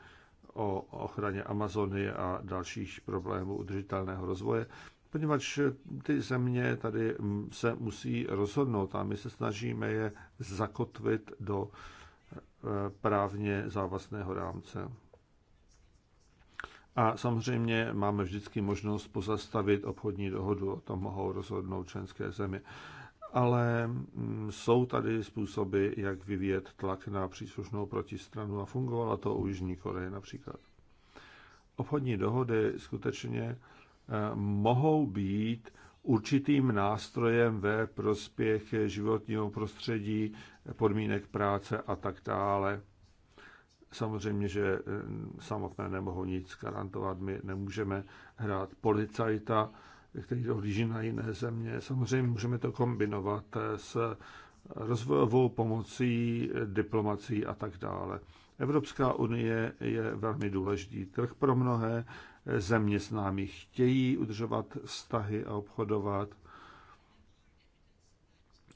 o ochraně Amazony a dalších problémů udržitelného rozvoje, poněvadž ty země tady mm, se musí rozhodnout a my se snažíme je zakotvit do právně závazného rámce. A samozřejmě máme vždycky možnost pozastavit obchodní dohodu, o tom mohou rozhodnout členské země. Ale mm, jsou tady způsoby, jak vyvíjet tlak na příslušnou protistranu a fungovala to u Jižní Koreje například. Obchodní dohody skutečně eh, mohou být určitým nástrojem ve prospěch životního prostředí, podmínek práce a tak dále. Samozřejmě, že eh, samotné nemohou nic garantovat. My nemůžeme hrát policajta, který dohlíží na jiné země. Samozřejmě můžeme to kombinovat eh, s rozvojovou pomocí, eh, diplomací a tak dále. Evropská unie je velmi důležitý trh pro mnohé, země s námi chtějí udržovat vztahy a obchodovat.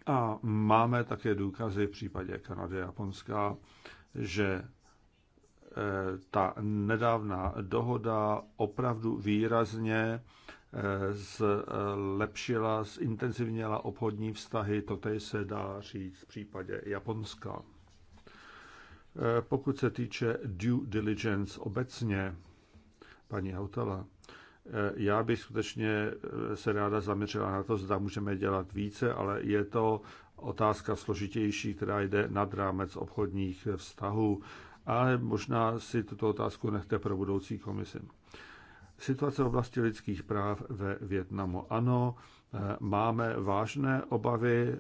A máme také důkazy v případě Kanady a Japonska, že e, ta nedávná dohoda opravdu výrazně e, zlepšila, zintenzivněla obchodní vztahy, to tady se dá říct v případě Japonska. E, pokud se týče due diligence obecně, paní Hautala. Eh, já bych skutečně eh, se ráda zaměřila na to, zda můžeme dělat více, ale je to otázka složitější, která jde nad rámec obchodních vztahů, ale možná si tuto otázku nechte pro budoucí komisi. Situace v oblasti lidských práv ve Větnamu. Ano, eh, máme vážné obavy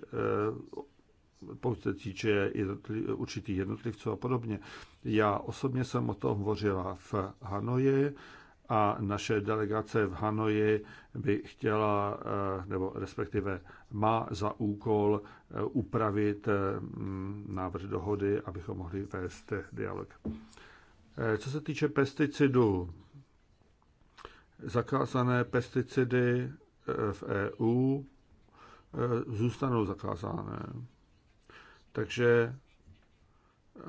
pokud se týče jednotli, určitých jednotlivců a podobně. Já osobně jsem o tom hovořila v Hanoji a naše delegace v Hanoji by chtěla, eh, nebo respektive má za úkol eh, upravit eh, návrh dohody, abychom mohli vést dialog. Co se týče pesticidů, zakázané pesticidy v EU zůstanou zakázané. Takže eh,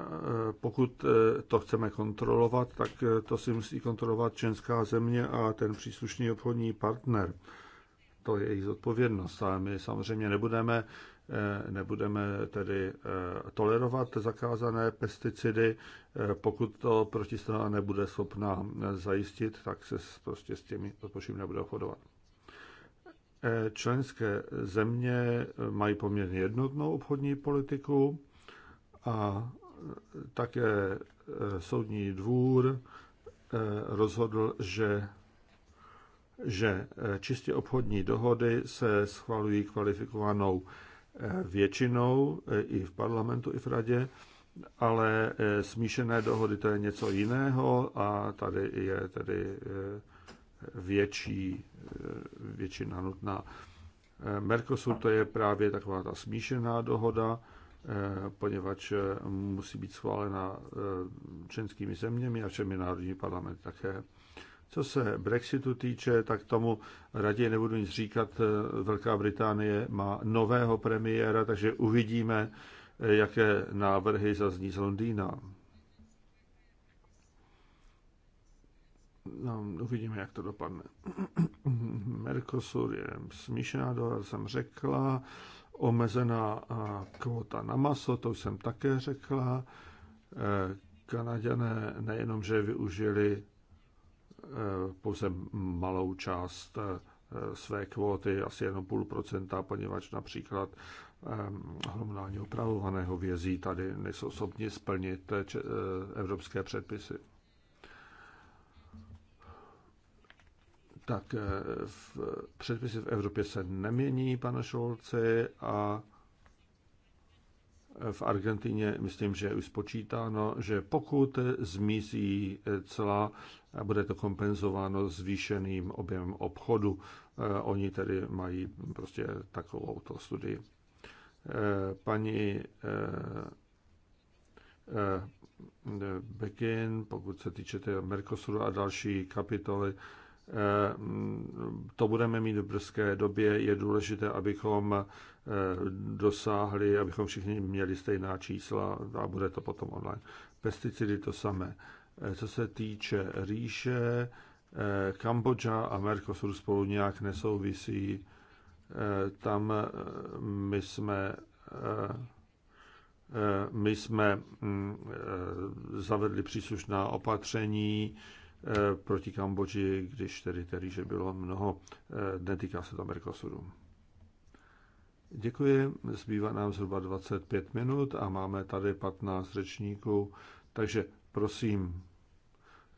pokud eh, to chceme kontrolovat, tak eh, to si musí kontrolovat členská země a ten příslušný obchodní partner. To je jejich zodpovědnost. Ale my samozřejmě nebudeme, nebudeme tedy tolerovat zakázané pesticidy. Pokud to protistrana nebude schopná zajistit, tak se prostě s těmi odpočím nebude obchodovat členské země mají poměrně jednotnou obchodní politiku a také e, soudní dvůr e, rozhodl, že, že e, čistě obchodní dohody se schvalují kvalifikovanou většinou i v parlamentu, i v radě, ale smíšené dohody to je něco jiného a tady je tedy větší eh, většina nutná. Eh, Mercosur to je právě taková ta smíšená dohoda, eh, poněvadž musí být schválena členskými zeměmi a všemi národní parlamenty také. Co se Brexitu týče, tak tomu raději nebudu nic říkat. Velká Británie má nového premiéra, takže uvidíme, jaké návrhy zazní z Londýna. No, uvidíme, jak to dopadne. (clears throat) Mercosur je smíšená dohoda, jsem řekla. Omezená kvota na maso, to jsem také řekla. E, Kanaděné nejenom, že využili e, pouze malou část e, své kvóty, asi jenom půl procenta, poněvadž například hormonálně opravovaného vězí tady nejsou schopni splnit evropské předpisy. tak eh, v předpisy v Evropě se nemění, pane Šolci, a v Argentině myslím, že je už spočítáno, že pokud zmizí eh, celá, bude to kompenzováno zvýšeným objemem obchodu. Eh, oni tedy mají prostě takovou to studii. Paní Bekin, pokud se týče Mercosuru a další kapitoly, Eh, to budeme mít v brzké době. Je důležité, abychom eh, dosáhli, abychom všichni měli stejná čísla a bude to potom online. Pesticidy to samé. Eh, co se týče rýše, Kambodža a Mercosur spolu nějak nesouvisí. Tam my jsme my jsme mm, zavedli příslušná opatření, Eh, proti Kambodži, když tedy tedy, že bylo mnoho. Eh, netýká se to Mercosuru. Děkuji. Zbývá nám zhruba 25 minut a máme tady 15 řečníků, takže prosím,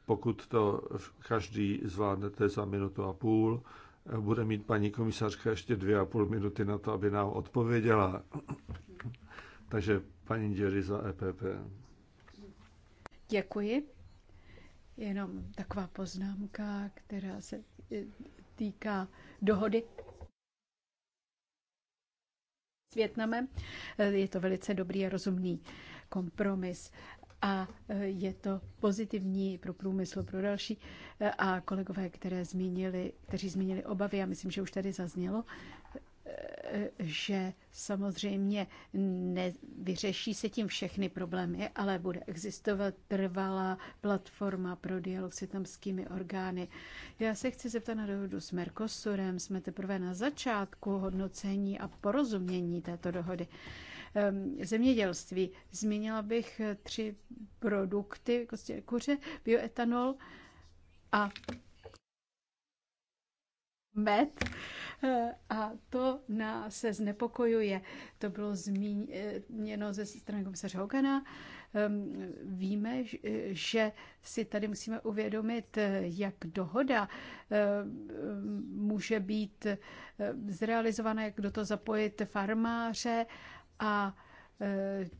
pokud to každý zvládnete za minutu a půl, eh, bude mít paní komisařka ještě dvě a půl minuty na to, aby nám odpověděla. (coughs) Takže paní Děry za EPP. Děkuji, Jenom taková poznámka, která se e, týká dohody s Větnamem. E, je to velice dobrý a rozumný kompromis a e, je to pozitivní pro průmysl, pro další. A kolegové, které zmínili, kteří zmínili obavy, Já myslím, že už tady zaznělo, že samozřejmě nevyřeší se tím všechny problémy, ale bude existovat trvalá platforma pro dialog s tamskými orgány. Já se chci zeptat na dohodu s Mercosurem. Jsme teprve na začátku hodnocení a porozumění této dohody. Zemědělství. Zmínila bych tři produkty, jako kuře, bioetanol a met eh, a to nás znepokojuje. To bylo zmíněno ze strany komisaře Hogana. Ehm, víme, že si tady musíme uvědomit, eh, jak dohoda ehm, může být eh, zrealizována, jak do toho zapojit farmáře a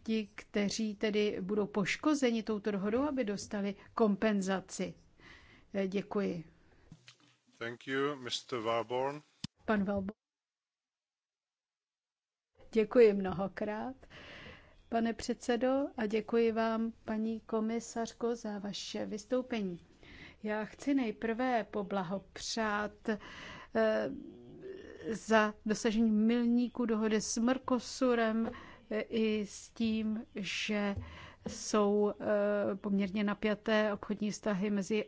ti, kteří tedy budou poškozeni touto dohodou, aby dostali kompenzaci. Děkuji. Thank you, Mr. Pan Děkuji mnohokrát, pane předsedo, a děkuji vám, paní komisařko, za vaše vystoupení. Já chci nejprve poblahopřát eh, za dosažení milníku dohody s Mercosurem eh, i s tím, že jsou eh, poměrně napjaté obchodní vztahy mezi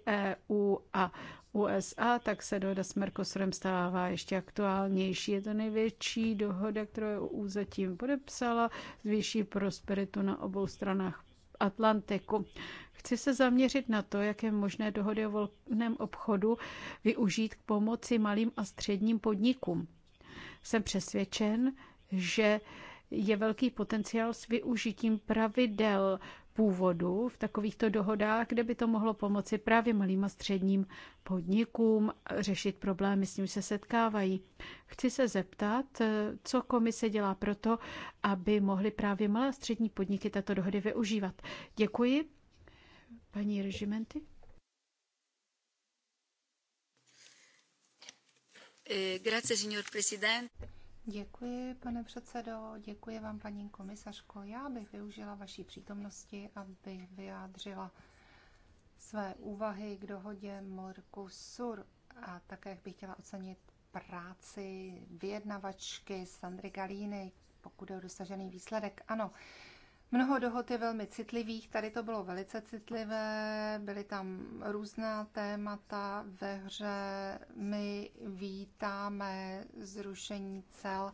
EU a USA, tak se dohoda s Mercosurem stává ještě aktuálnější. Je to největší dohoda, kterou EU zatím podepsala, zvýší prosperitu na obou stranách Atlantiku. Chci se zaměřit na to, jak je možné dohody o volném obchodu využít k pomoci malým a středním podnikům. Jsem přesvědčen, že je velký potenciál s využitím pravidel původu v takovýchto dohodách, kde by to mohlo pomoci právě malým a středním podnikům řešit problémy, s nimi se setkávají. Chci se zeptat, co komise dělá pro to, aby mohly právě malé a střední podniky tato dohody využívat. Děkuji. Paní režimenty. Eh, grazie, signor Presidente. Děkuji, pane předsedo, děkuji vám, paní komisařko. Já bych využila vaší přítomnosti, abych vyjádřila své úvahy k dohodě Sur. a také bych chtěla ocenit práci vyjednavačky Sandry Galíny, pokud je o dosažený výsledek. Ano, Mnoho dohod je velmi citlivých, tady to bylo velice citlivé, byly tam různá témata ve hře. My vítáme zrušení cel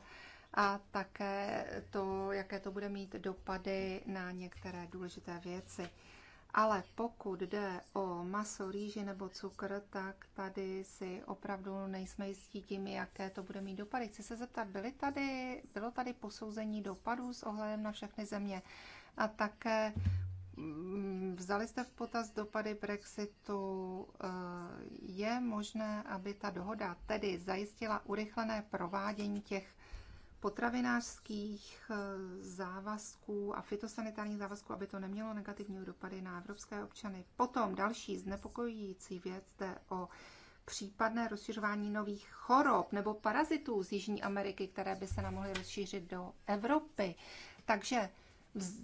a také to, jaké to bude mít dopady na některé důležité věci. Ale pokud jde o maso, rýži nebo cukr, tak tady si opravdu nejsme jistí tím, jaké to bude mít dopady. Chci se zeptat, byly tady, bylo tady posouzení dopadů s ohledem na všechny země a také mm, Vzali jste v potaz dopady Brexitu. Eh, je možné, aby ta dohoda tedy zajistila urychlené provádění těch potravinářských eh, závazků a fitosanitárních závazků, aby to nemělo negativní dopady na evropské občany. Potom další znepokojující věc jde o případné rozšiřování nových chorob nebo parazitů z Jižní Ameriky, které by se nám mohly rozšířit do Evropy. Takže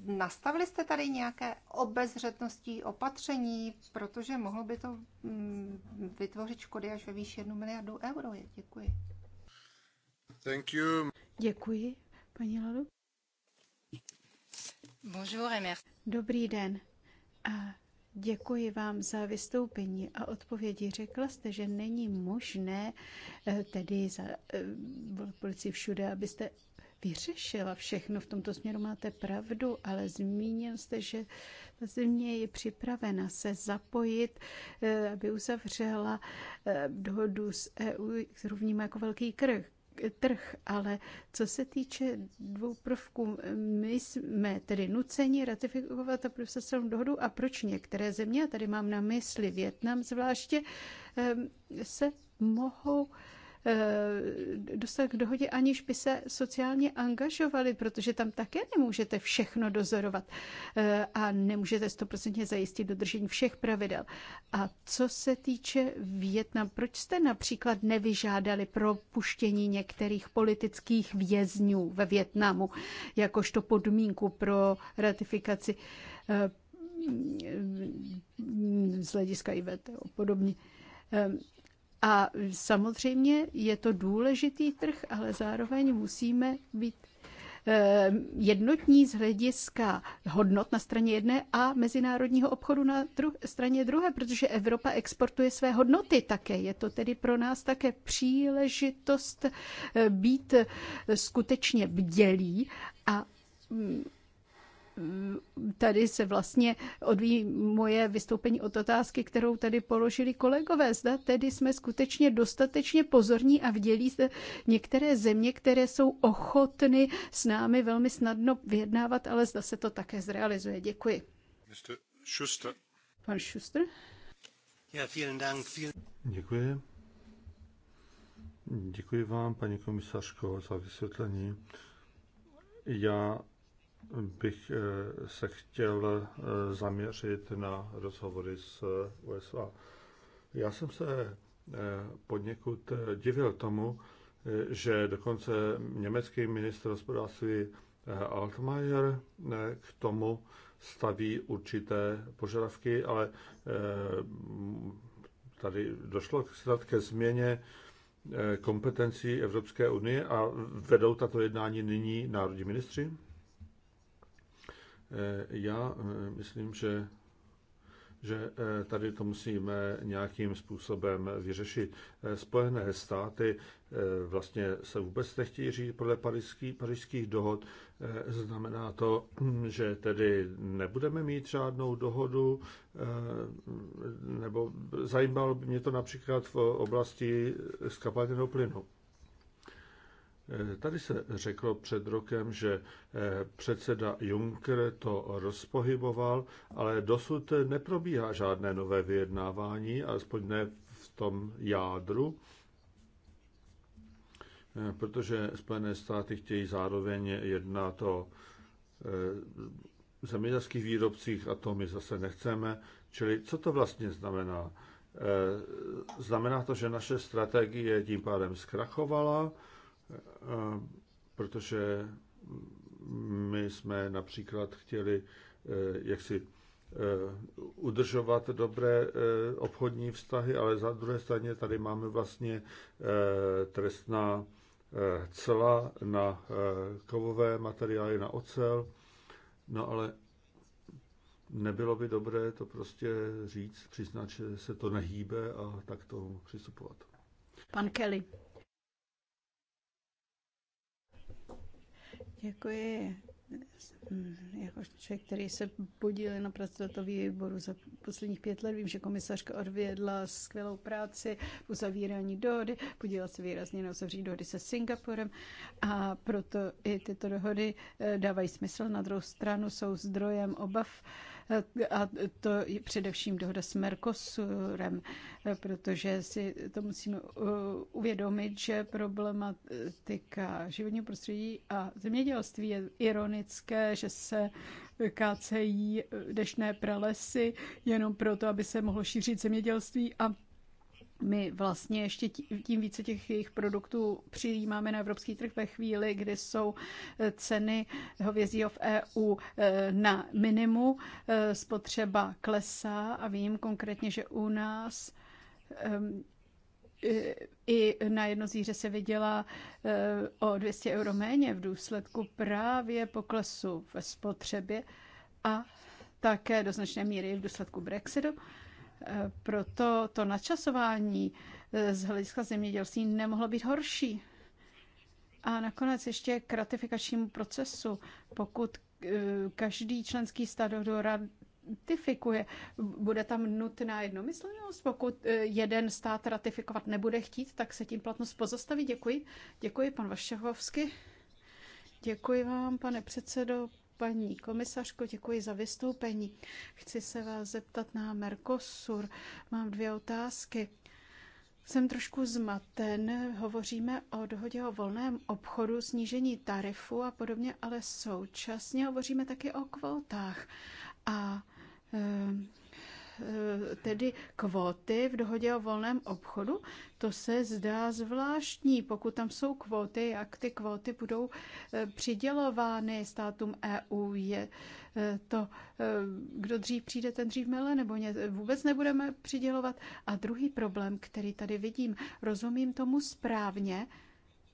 nastavili jste tady nějaké obezřetnosti, opatření, protože mohlo by to mm, vytvořit škody až ve výši 1 miliardu euro. Děkuji. Thank you. Děkuji, paní Lalu. Bonjour merci. Dobrý den. A Děkuji vám za vystoupení a odpovědi. Řekla jste, že není možné eh, tedy za eh, policii všude, abyste vyřešila všechno. V tomto směru máte pravdu, ale zmínil jste, že ta země je připravena se zapojit, eh, aby uzavřela dohodu s EU, kterou vnímá jako velký krk trh, ale co se týče dvou prvků, my jsme tedy nuceni ratifikovat a prosazovat dohodu a proč některé země, a tady mám na mysli Větnam zvláště, eh, se mohou Eh, dostat k dohodě, aniž by se sociálně angažovali, protože tam také nemůžete všechno dozorovat eh, a nemůžete stoprocentně zajistit dodržení všech pravidel. A co se týče Větnam, proč jste například nevyžádali propuštění některých politických vězňů ve Větnamu jakožto podmínku pro ratifikaci eh, z hlediska IVT a podobně? A samozřejmě je to důležitý trh, ale zároveň musíme být eh, jednotní z hlediska hodnot na straně jedné a mezinárodního obchodu na dru- straně druhé, protože Evropa exportuje své hodnoty také. Je to tedy pro nás také příležitost eh, být eh, skutečně bdělí a mm, tady se vlastně odvíjí moje vystoupení od otázky, kterou tady položili kolegové. Zda tedy jsme skutečně dostatečně pozorní a vdělí se některé země, které jsou ochotny s námi velmi snadno vyjednávat, ale zda se to také zrealizuje. Děkuji. Schuster. Pan Schuster. Ja, vielen Dank. Vielen... Děkuji. Děkuji vám, paní komisařko, za vysvětlení. Já bych eh, se chtěl eh, zaměřit na rozhovory s eh, USA. Já jsem se poněkud divil tomu, že dokonce německý ministr hospodářství Altmaier k tomu staví určité požadavky, ale tady došlo snad ke změně kompetencí Evropské unie a vedou tato jednání nyní národní ministři? Eh, já eh, myslím, že že eh, tady to musíme nějakým způsobem vyřešit. Spojené státy vlastně se vůbec nechtějí říct podle parížský, pařížských dohod. Znamená to, že tedy nebudeme mít žádnou dohodu, nebo zajímalo by mě to například v oblasti skapalněného plynu. Eh, tady se řeklo před rokem, že eh, předseda Juncker to rozpohyboval, ale dosud neprobíhá žádné nové vyjednávání, alespoň ne v tom jádru, eh, protože Spojené státy chtějí zároveň jednat o zemědělských výrobcích a to my zase nechceme. Čili co to vlastně znamená? Znamená to, že naše strategie tím pádem zkrachovala, protože my jsme například chtěli eh, jak si eh, udržovat dobré eh, obchodní vztahy, ale za druhé straně tady máme vlastně trestná cela na kovové materiály, na ocel, no ale nebylo by dobré to prostě říct, přiznat, že se to nehýbe a tak to přistupovat. Pan Kelly. Děkuji. Jako, mm, jako člověk, který se podílel na tohoto výboru za posledních pět let, vím, že komisařka odvědla skvělou práci v uzavírání dohody, podílela se výrazně na uzavření dohody se Singapurem a proto i tyto dohody eh, dávají smysl. Na druhou stranu jsou zdrojem obav a to je především dohoda s Mercosurem, protože si to musíme uh, uvědomit, že problematika životního prostředí a zemědělství je ironické, že se kácejí dešné pralesy jenom proto, aby se mohlo šířit zemědělství a my vlastně ještě tím více těch jejich produktů přijímáme na evropský trh ve chvíli, kdy jsou eh, ceny hovězího v EU eh, na minimu, eh, spotřeba klesá a vím konkrétně, že u nás ehm, i na jedno zvíře se viděla o 200 euro méně v důsledku právě poklesu ve spotřebě a také do značné míry v důsledku Brexitu. Proto to načasování eh, z hlediska zemědělství nemohlo být horší. A nakonec ještě k ratifikačnímu procesu. Pokud eh, každý členský stát do ratifikuje, bude tam nutná jednomyslnost. Pokud eh, jeden stát ratifikovat nebude chtít, tak se tím platnost pozastaví. Děkuji. Děkuji, pan Vašehovsky. Děkuji vám, pane předsedo. Paní komisařko, děkuji za vystoupení. Chci se vás zeptat na Mercosur. Mám dvě otázky. Jsem trošku zmaten. Hovoříme o dohodě o volném obchodu, snížení tarifu a podobně, ale současně hovoříme taky o kvótách. A e, Eh, tedy kvóty v dohodě o volném obchodu. To se zdá zvláštní, pokud tam jsou kvóty, jak ty kvóty budou eh, přidělovány státům EU. Je eh, to, kdo dřív přijde, ten dřív mele, nebo ně, vůbec nebudeme přidělovat. A druhý problém, který tady vidím, rozumím tomu správně,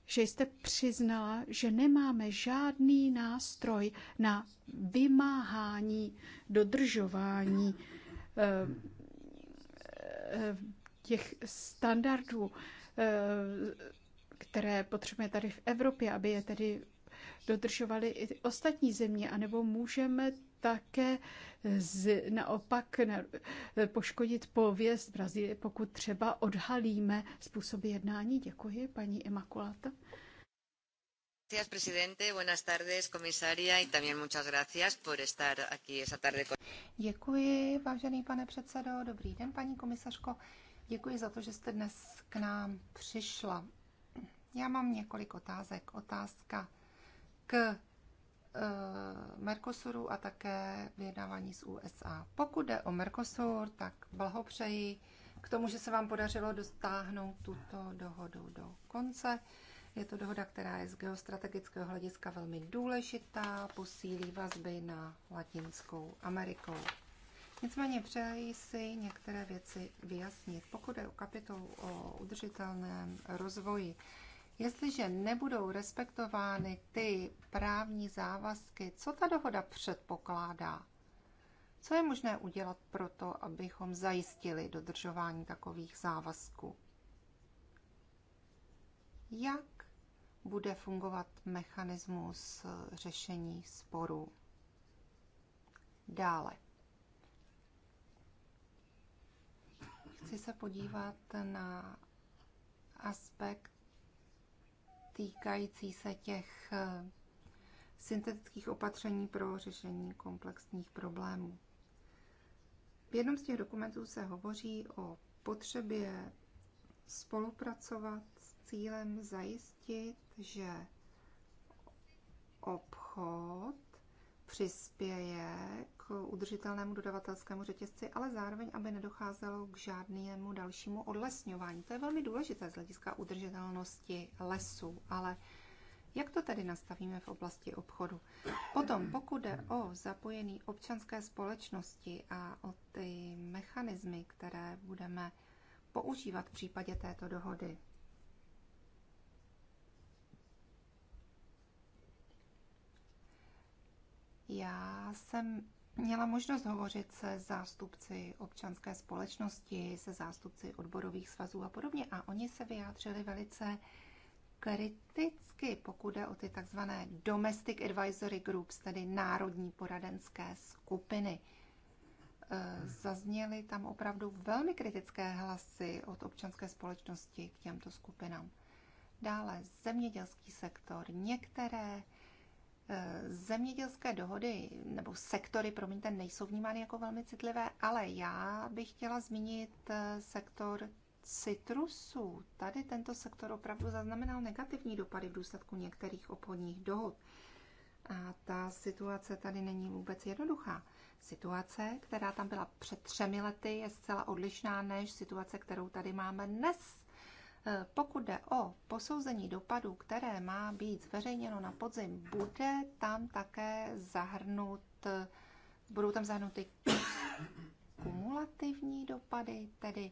že jste přiznala, že nemáme žádný nástroj na vymáhání, dodržování Eh, těch standardů, eh, které potřebujeme tady v Evropě, aby je tedy dodržovaly i ostatní země, anebo můžeme také z, naopak na, eh, poškodit pověst Brazílie, pokud třeba odhalíme způsoby jednání. Děkuji, paní Uh, Señor presidente. Buenas tardes, komisaria, y también muchas gracias por estar aquí esa tarde. Děkuji, vážený pane předsedo. Dobrý den, paní komisařko. Děkuji za to, že jste dnes k nám přišla. Já mám několik otázek. Otázka k eh, Mercosuru a také vyjednávání z USA. Pokud jde o Mercosur, tak blahopřeji k tomu, že se vám podařilo dostáhnout tuto dohodu do konce. Je to dohoda, která je z geostrategického hlediska velmi důležitá, posílí vazby na Latinskou Amerikou. Nicméně přeji si některé věci vyjasnit. Pokud je o kapitolu o udržitelném rozvoji, jestliže nebudou respektovány ty právní závazky, co ta dohoda předpokládá? Co je možné udělat pro to, abychom zajistili dodržování takových závazků? jak bude fungovat mechanismus řešení sporů. Dále. Chci se podívat na aspekt týkající se těch eh, syntetických opatření pro řešení komplexních problémů. V jednom z těch dokumentů se hovoří o potřebě spolupracovat cílem zajistit, že obchod přispěje k udržitelnému dodavatelskému řetězci, ale zároveň, aby nedocházelo k žádnému dalšímu odlesňování. To je velmi důležité z hlediska udržitelnosti lesů, ale jak to tedy nastavíme v oblasti obchodu? Potom, pokud jde o zapojení občanské společnosti a o ty mechanismy, které budeme používat v případě této dohody, Já jsem měla možnost hovořit se zástupci občanské společnosti, se zástupci odborových svazů a podobně a oni se vyjádřili velice kriticky, pokud jde o ty takzvané Domestic Advisory Groups, tedy národní poradenské skupiny. Eh, zazněly tam opravdu velmi kritické hlasy od občanské společnosti k těmto skupinám. Dále zemědělský sektor, některé Zemědělské dohody nebo sektory, promiňte, nejsou vnímány jako velmi citlivé, ale já bych chtěla zmínit eh, sektor citrusů. Tady tento sektor opravdu zaznamenal negativní dopady v důsledku některých obchodních dohod. A ta situace tady není vůbec jednoduchá. Situace, která tam byla před třemi lety, je zcela odlišná než situace, kterou tady máme dnes. Eh, pokud jde o posouzení dopadů, které má být zveřejněno na podzim, bude tam také zahrnut, eh, budou tam zahrnuty kumulativní dopady, tedy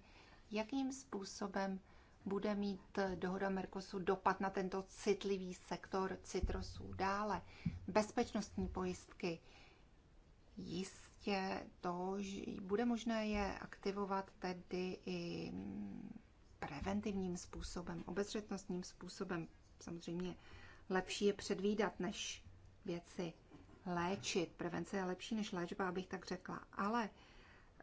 jakým způsobem bude mít eh, dohoda Mercosu dopad na tento citlivý sektor citrusů. Dále bezpečnostní pojistky. Jistě to, že bude možné je aktivovat tedy i mm, preventivním způsobem, obezřetnostním způsobem. Samozřejmě lepší je předvídat, než věci léčit. Prevence je lepší než léčba, abych tak řekla. Ale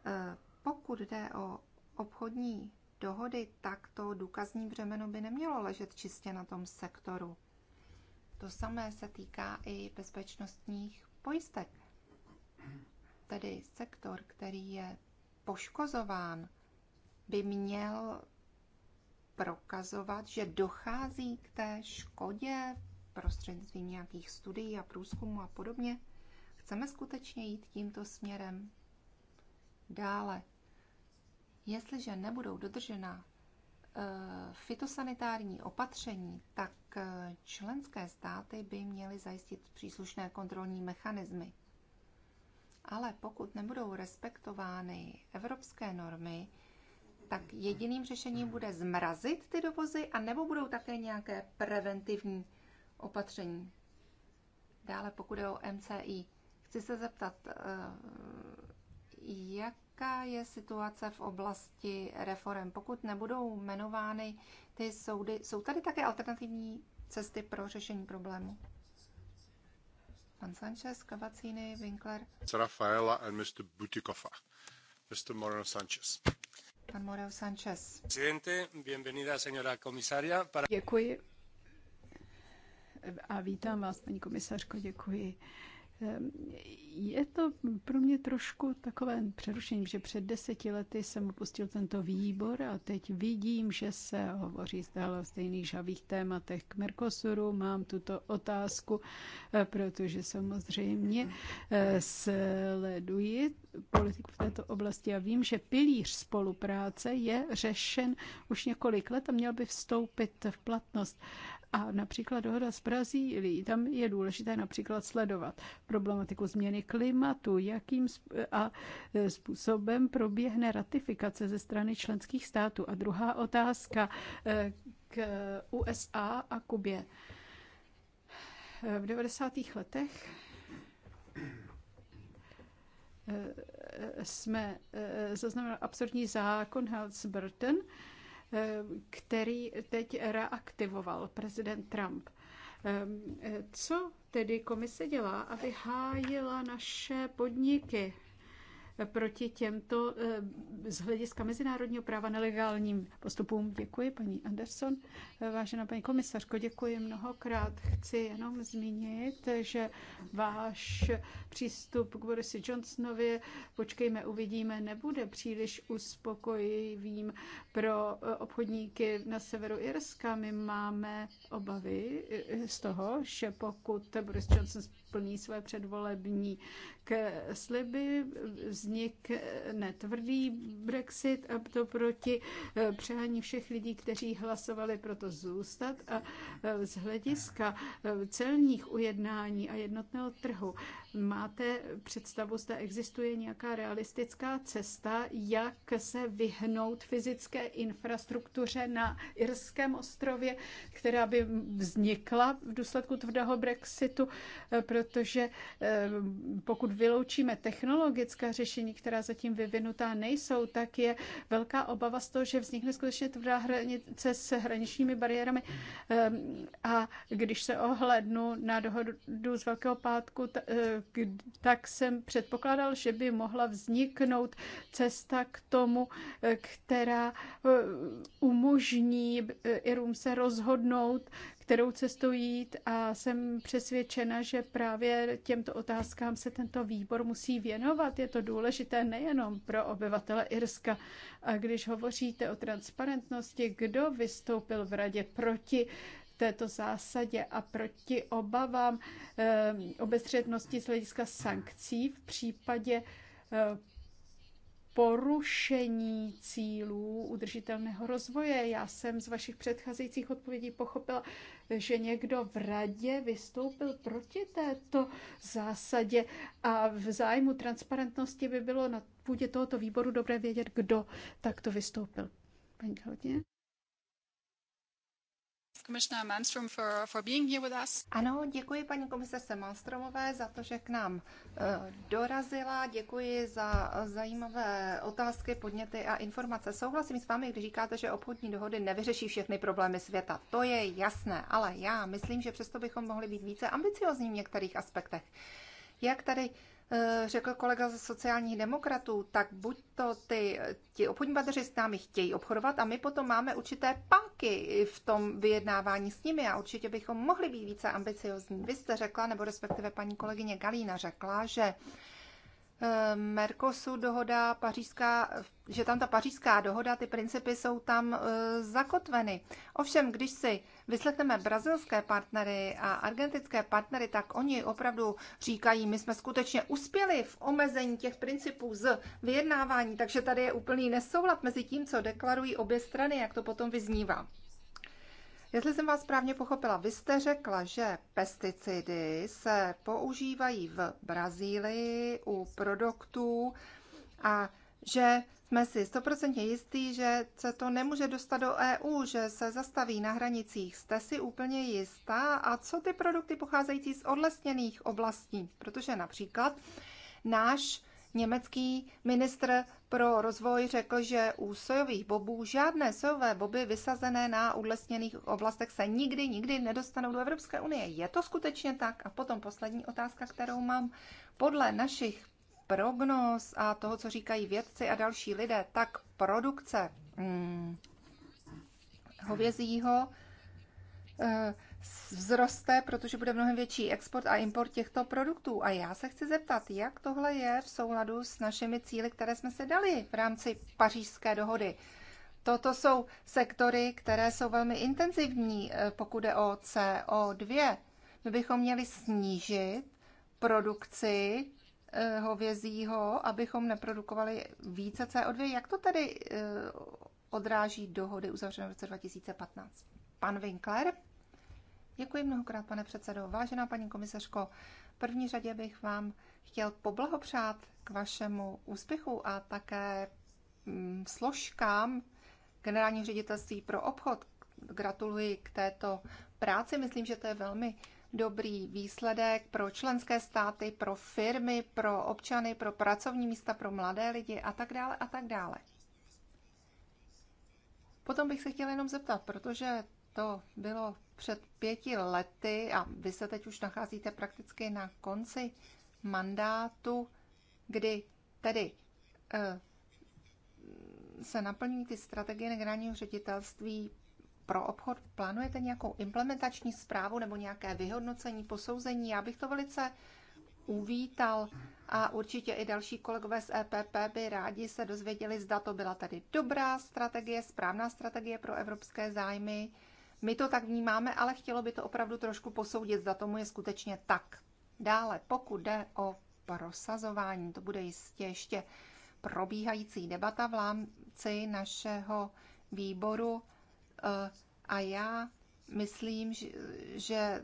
eh, pokud jde o obchodní dohody, tak to důkazní břemeno by nemělo ležet čistě na tom sektoru. To samé se týká i bezpečnostních pojistek. Tedy sektor, který je poškozován, by měl prokazovat, že dochází k té škodě prostřednictvím nějakých studií a průzkumů a podobně? Chceme skutečně jít tímto směrem? Dále, jestliže nebudou dodržena eh, fitosanitární opatření, tak eh, členské státy by měly zajistit příslušné kontrolní mechanismy. Ale pokud nebudou respektovány evropské normy, tak jediným řešením bude zmrazit ty dovozy, a nebo budou také nějaké preventivní opatření. Dále, pokud je o MCI, chci se zeptat, eh, jaká je situace v oblasti reform? Pokud nebudou jmenovány ty soudy, jsou tady také alternativní cesty pro řešení problému? Pan Sanchez, Cavazzini, Winkler. Rafaela and Mr. Butikova. Mr. Moreno Sanchez. Pan Moreo Sanchez. Děkuji. A vítám vás, paní komisařko, děkuji Ehm, je to pro mě trošku takové přerušení, že před deseti lety jsem opustil tento výbor a teď vidím, že se hovoří stále o stejných žavých tématech k Mercosuru. Mám tuto otázku, eh, protože samozřejmě eh, sleduji politiku v této oblasti a vím, že pilíř spolupráce je řešen už několik let a měl by vstoupit v platnost. A například dohoda s Brazílií, tam je důležité například sledovat problematiku změny klimatu, jakým a e, způsobem proběhne ratifikace ze strany členských států. A druhá otázka e, k USA a Kubě. E, v 90. letech jsme zaznamenali absurdní zákon Hells-Burton, který teď reaktivoval prezident Trump. Co tedy komise dělá, aby hájila naše podniky, proti těmto eh, z hlediska mezinárodního práva nelegálním postupům. Děkuji, paní Anderson. Eh, vážená paní komisařko, děkuji mnohokrát. Chci jenom zmínit, že váš přístup k Borisi Johnsonovi, počkejme, uvidíme, nebude příliš uspokojivým pro eh, obchodníky na severu Irska. My máme obavy z toho, že pokud Boris Johnson plní své předvolební k sliby, vznikne tvrdý Brexit a to proti eh, přání všech lidí, kteří hlasovali pro to zůstat a eh, z hlediska eh, celních ujednání a jednotného trhu máte představu, zda existuje nějaká realistická cesta, jak se vyhnout fyzické infrastruktuře na Irském ostrově, která by vznikla v důsledku tvrdého Brexitu, protože protože eh, pokud vyloučíme technologická řešení, která zatím vyvinutá nejsou, tak je velká obava z toho, že vznikne skutečně tvrdá hranice s hraničními bariérami. Eh, a když se ohlednu na dohodu z Velkého pátku, eh, tak jsem předpokládal, že by mohla vzniknout cesta k tomu, která umožní Irům se rozhodnout, kterou cestou jít a jsem přesvědčena, že právě těmto otázkám se tento výbor musí věnovat. Je to důležité nejenom pro obyvatele Irska. A když hovoříte o transparentnosti, kdo vystoupil v radě proti této zásadě a proti obavám eh, obezřetnosti z hlediska sankcí v případě eh, porušení cílů udržitelného rozvoje. Já jsem z vašich předcházejících odpovědí pochopila, že někdo v radě vystoupil proti této zásadě a v zájmu transparentnosti by bylo na půdě tohoto výboru dobré vědět, kdo takto vystoupil. Paní Klaudě? Commissioner Malmström for, for being here with us. Ano, děkuji paní komisarce Malmströmové za to, že k nám eh, dorazila. Děkuji za zajímavé otázky, podněty a informace. Souhlasím s vámi, když říkáte, že obchodní dohody nevyřeší všechny problémy světa. To je jasné, ale já myslím, že přesto bychom mohli být více ambiciozní v některých aspektech. Jak tady Eh, řekl kolega ze sociálních demokratů, tak buď to ty, ti obchodní bateři s námi chtějí obchodovat a my potom máme určité páky v tom vyjednávání s nimi a určitě bychom mohli být více ambiciozní. Vy jste řekla, nebo respektive paní kolegyně Galína řekla, že uh, Mercosur dohoda, pařížská, že tam ta pařížská dohoda, ty principy jsou tam e, zakotveny. Ovšem, když si vyslechneme brazilské partnery a argentinské partnery, tak oni opravdu říkají, my jsme skutečně uspěli v omezení těch principů z vyjednávání, takže tady je úplný nesoulad mezi tím, co deklarují obě strany, jak to potom vyznívá. Jestli jsem vás správně pochopila, vy jste řekla, že pesticidy se používají v Brazílii u produktů a že jsme si stoprocentně jistí, že se to nemůže dostat do EU, že se zastaví na hranicích. Jste si úplně jistá? A co ty produkty pocházející z odlesněných oblastí? Protože například náš Německý ministr pro rozvoj řekl, že u sojových bobů žádné sojové boby vysazené na odlesněných oblastech se nikdy, nikdy nedostanou do Evropské unie. Je to skutečně tak? A potom poslední otázka, kterou mám. Podle našich prognóz a toho, co říkají vědci a další lidé, tak produkce hmm, hovězího eh, vzroste, protože bude mnohem větší export a import těchto produktů. A já se chci zeptat, jak tohle je v souladu s našimi cíly, které jsme se dali v rámci pařížské dohody. Toto jsou sektory, které jsou velmi intenzivní, eh, pokud je o CO2. My bychom měli snížit produkci eh, hovězího, abychom neprodukovali více CO2. Jak to tedy eh, odráží dohody uzavřené v roce 2015? Pan Winkler? Děkuji mnohokrát, pane předsedo. Vážená paní komisařko, v první řadě bych vám chtěl poblahopřát k vašemu úspěchu a také mm, složkám generálního ředitelství pro obchod. Gratuluji k této práci. Myslím, že to je velmi dobrý výsledek pro členské státy, pro firmy, pro občany, pro pracovní místa, pro mladé lidi a tak dále a tak dále. Potom bych se chtěla jenom zeptat, protože to bylo před pěti lety a vy se teď už nacházíte prakticky na konci mandátu, kdy tedy e, se naplní ty strategie generálního ředitelství pro obchod. Plánujete nějakou implementační zprávu nebo nějaké vyhodnocení, posouzení? Já bych to velice uvítal a určitě i další kolegové z EPP by rádi se dozvěděli, zda to byla tady dobrá strategie, správná strategie pro evropské zájmy my to tak vnímáme, ale chtělo by to opravdu trošku posoudit, zda tomu je skutečně tak. Dále, pokud jde o prosazování, to bude jistě ještě probíhající debata v rámci našeho výboru eh, a já myslím, že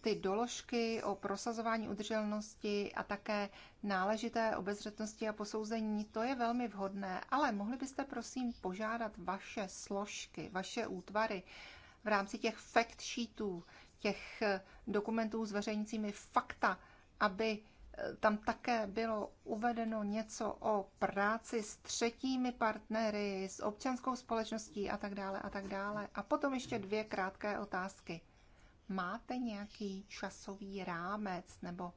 ty doložky o prosazování udrželnosti a také náležité obezřetnosti a posouzení, to je velmi vhodné, ale mohli byste prosím požádat vaše složky, vaše útvary v rámci těch fact sheetů, těch eh, dokumentů veřejnicími fakta, aby eh, tam také bylo uvedeno něco o práci s třetími partnery, s občanskou společností a tak dále a tak dále. A potom ještě dvě krátké otázky máte nějaký časový rámec nebo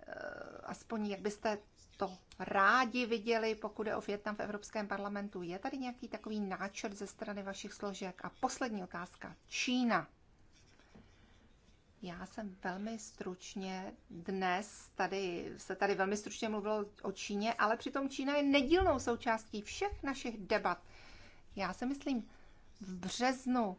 eh, aspoň jak byste to rádi viděli, pokud je o Větnam v Evropském parlamentu. Je tady nějaký takový náčrt ze strany vašich složek? A poslední otázka. Čína. Já jsem velmi stručně dnes, tady se tady velmi stručně mluvilo o Číně, ale přitom Čína je nedílnou součástí všech našich debat. Já si myslím, v březnu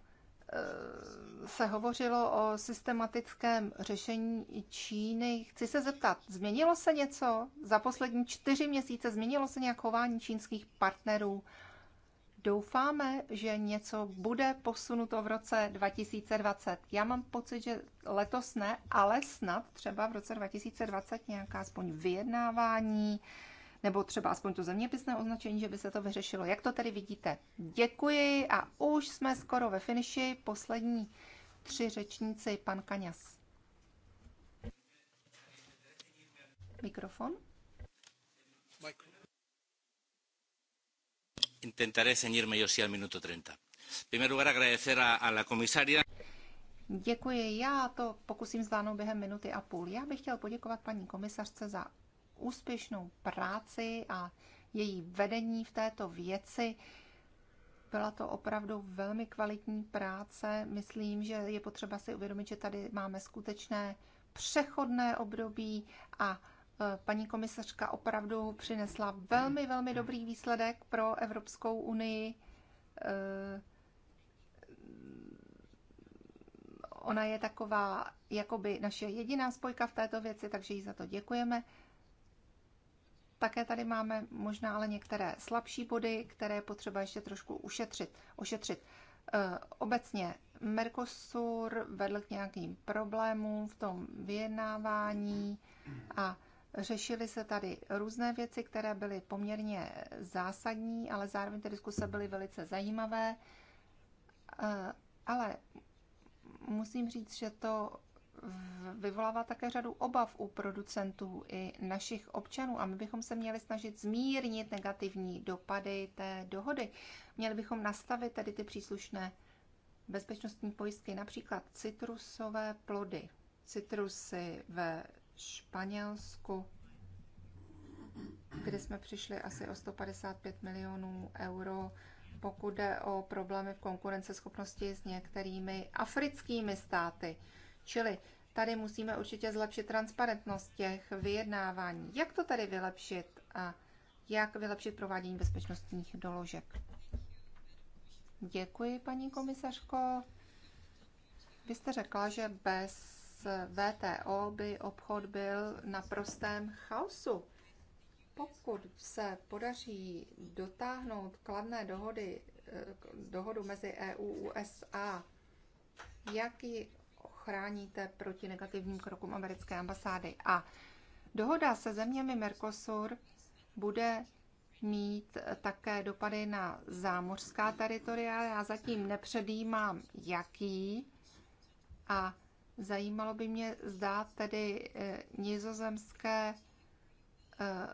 se hovořilo o systematickém řešení Číny. Chci se zeptat, změnilo se něco za poslední čtyři měsíce? Změnilo se nějak chování čínských partnerů? Doufáme, že něco bude posunuto v roce 2020. Já mám pocit, že letos ne, ale snad třeba v roce 2020 nějaká aspoň vyjednávání, uh, nebo třeba aspoň to zeměpisné označení, že by se to vyřešilo. Jak to tedy vidíte? Děkuji a už jsme skoro ve finiši. Poslední tři řečníci, pan Kaňas. Mikrofon. Intentaré ceñirme yo si al minuto 30. En primer lugar, agradecer a, a la comisaria. Děkuji, já to pokusím zvládnout během minuty a půl. Já bych chtěl poděkovat paní komisařce za úspěšnou práci a její vedení v této věci. Byla to opravdu velmi kvalitní práce. Myslím, že je potřeba si uvědomit, že tady máme skutečné přechodné období a e, paní komisařka opravdu přinesla velmi, velmi dobrý výsledek pro Evropskou unii. E, ona je taková jakoby naše jediná spojka v této věci, takže jí za to děkujeme. Také tady máme možná ale některé slabší body, které je potřeba ještě trošku ušetřit. ošetřit. Eh, obecně Mercosur vedl k nějakým problémům v tom vyjednávání a řešily se tady různé věci, které byly poměrně zásadní, ale zároveň ty diskuse byly velice zajímavé. Eh, ale musím říct, že to vyvolává také řadu obav u producentů i našich občanů a my bychom se měli snažit zmírnit negativní dopady té dohody. Měli bychom nastavit tedy ty příslušné bezpečnostní pojistky, například citrusové plody, citrusy ve Španělsku, kde jsme přišli asi o 155 milionů euro, pokud jde o problémy v konkurenceschopnosti s některými africkými státy. Čili tady musíme určitě zlepšit transparentnost těch vyjednávání. Jak to tady vylepšit a jak vylepšit provádění bezpečnostních doložek? Děkuji, paní komisařko. Vy jste řekla, že bez VTO by obchod byl na prostém chaosu. Pokud se podaří dotáhnout kladné dohody, eh, dohodu mezi EU a USA, jak ji ochráníte proti negativním krokům americké ambasády. A dohoda se zeměmi Mercosur bude mít také dopady na zámořská teritoria. Já zatím nepředjímám, jaký. A zajímalo by mě, zda tedy eh, nizozemské eh,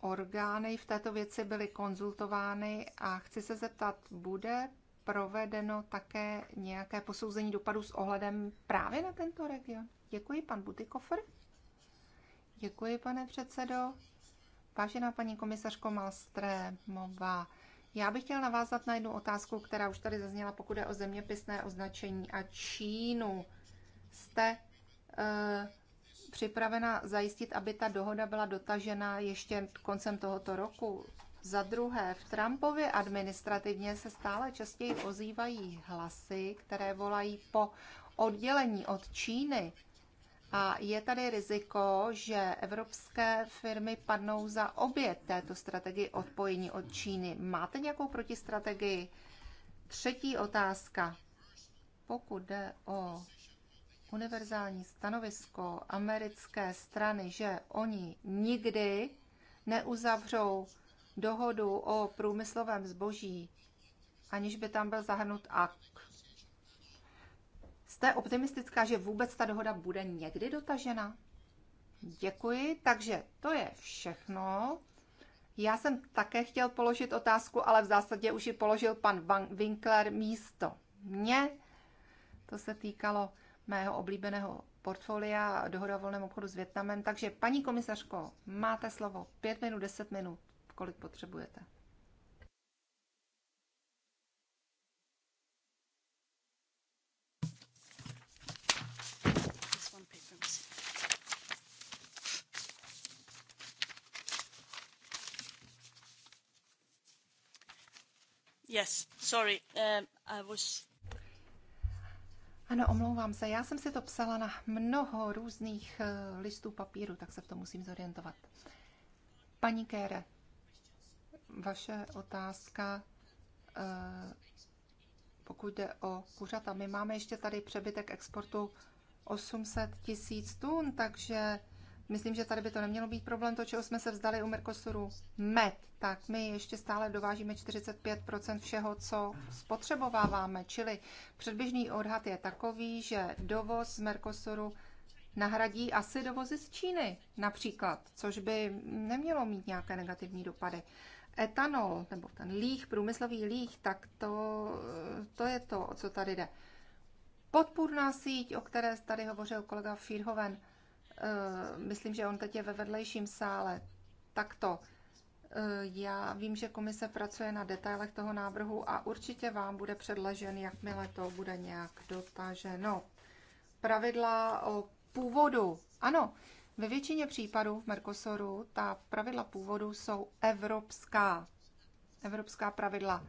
orgány v této věci byly konzultovány a chci se zeptat, bude provedeno také nějaké posouzení dopadu s ohledem právě na tento region? Děkuji, pan Butikofer. Děkuji, pane předsedo. Vážená paní komisařko Malstrémová, já bych chtěl navázat na jednu otázku, která už tady zazněla, pokud je o zeměpisné označení a Čínu. Jste e, připravena zajistit, aby ta dohoda byla dotažena ještě koncem tohoto roku? Za druhé, v Trumpově administrativně se stále častěji ozývají hlasy, které volají po oddělení od Číny. A je tady riziko, že evropské firmy padnou za obě této strategii odpojení od Číny. Máte nějakou protistrategii? Třetí otázka. Pokud jde o univerzální stanovisko americké strany, že oni nikdy neuzavřou dohodu o průmyslovém zboží, aniž by tam byl zahrnut AK. Jste optimistická, že vůbec ta dohoda bude někdy dotažena? Děkuji, takže to je všechno. Já jsem také chtěl položit otázku, ale v zásadě už ji položil pan Van Winkler místo mě. To se týkalo mého oblíbeného portfolia dohoda o volném obchodu s Větnamem. Takže paní komisařko, máte slovo. Pět minut, deset minut kolik potřebujete. Yes, sorry, um, I was... Ano, omlouvám se. Já jsem si to psala na mnoho různých eh, listů papíru, tak se v tom musím zorientovat. Paní Kére, vaše otázka, eh, pokud jde o kuřata. My máme ještě tady přebytek exportu 800 tisíc tun, takže myslím, že tady by to nemělo být problém. To, čeho jsme se vzdali u Mercosuru, med, tak my ještě stále dovážíme 45 všeho, co spotřebováváme. Čili předběžný odhad je takový, že dovoz z Mercosuru nahradí asi dovozy z Číny například, což by nemělo mít nějaké negativní dopady etanol, nebo ten líh, průmyslový líh, tak to, to je to, o co tady jde. Podpůrná síť, o které tady hovořil kolega Firhoven, eh, myslím, že on teď je ve vedlejším sále, tak to. Eh, já vím, že komise pracuje na detailech toho návrhu a určitě vám bude předložen, jakmile to bude nějak dotaženo. Pravidla o původu. Ano, ve většině případů v Mercosuru ta pravidla původu jsou evropská. Evropská pravidla,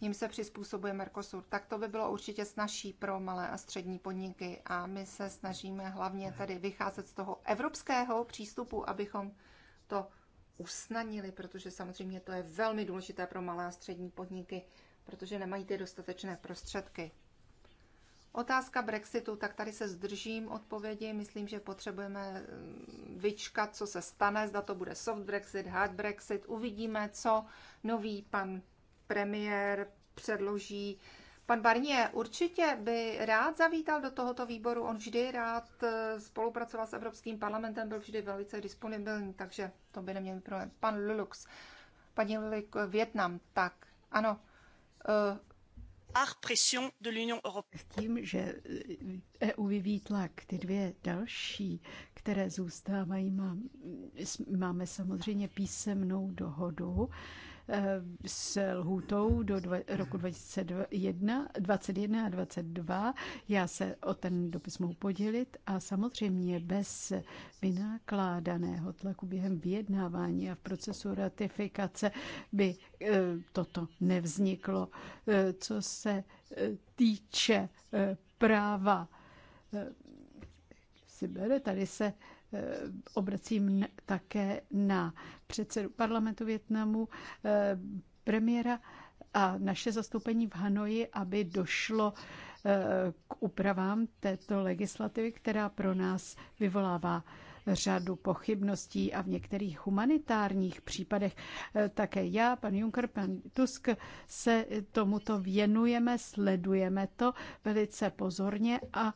jim se přizpůsobuje Mercosur. Tak to by bylo určitě snažší pro malé a střední podniky a my se snažíme hlavně tedy vycházet z toho evropského přístupu, abychom to usnadnili, protože samozřejmě to je velmi důležité pro malé a střední podniky, protože nemají ty dostatečné prostředky. Otázka Brexitu, tak tady se zdržím odpovědi. Myslím, že potřebujeme mm, vyčkat, co se stane, zda to bude soft Brexit, hard Brexit. Uvidíme, co nový pan premiér předloží. Pan Barnier určitě by rád zavítal do tohoto výboru. On vždy rád e, spolupracoval s Evropským parlamentem, byl vždy velice disponibilní, takže to by neměl problém. Pan Lulux, paní Lulik, Větnam, tak ano. E, s tím, že eh, EU vyvíjí tlak, ty dvě další, které zůstávají, máme samozřejmě písemnou dohodu Eh, s lhůtou do dva, roku 2021 21 a 22. Já se o ten dopis mohu podělit a samozřejmě bez vynákládaného tlaku během vyjednávání a v procesu ratifikace by eh, toto nevzniklo. Eh, co se týče práva si bere, tady se Eh, obracím také na předsedu parlamentu Větnamu, eh, premiéra a naše zastoupení v Hanoji, aby došlo eh, k úpravám této legislativy, která pro nás vyvolává řadu pochybností a v některých humanitárních případech také já, pan Juncker, pan Tusk se tomuto věnujeme, sledujeme to velice pozorně a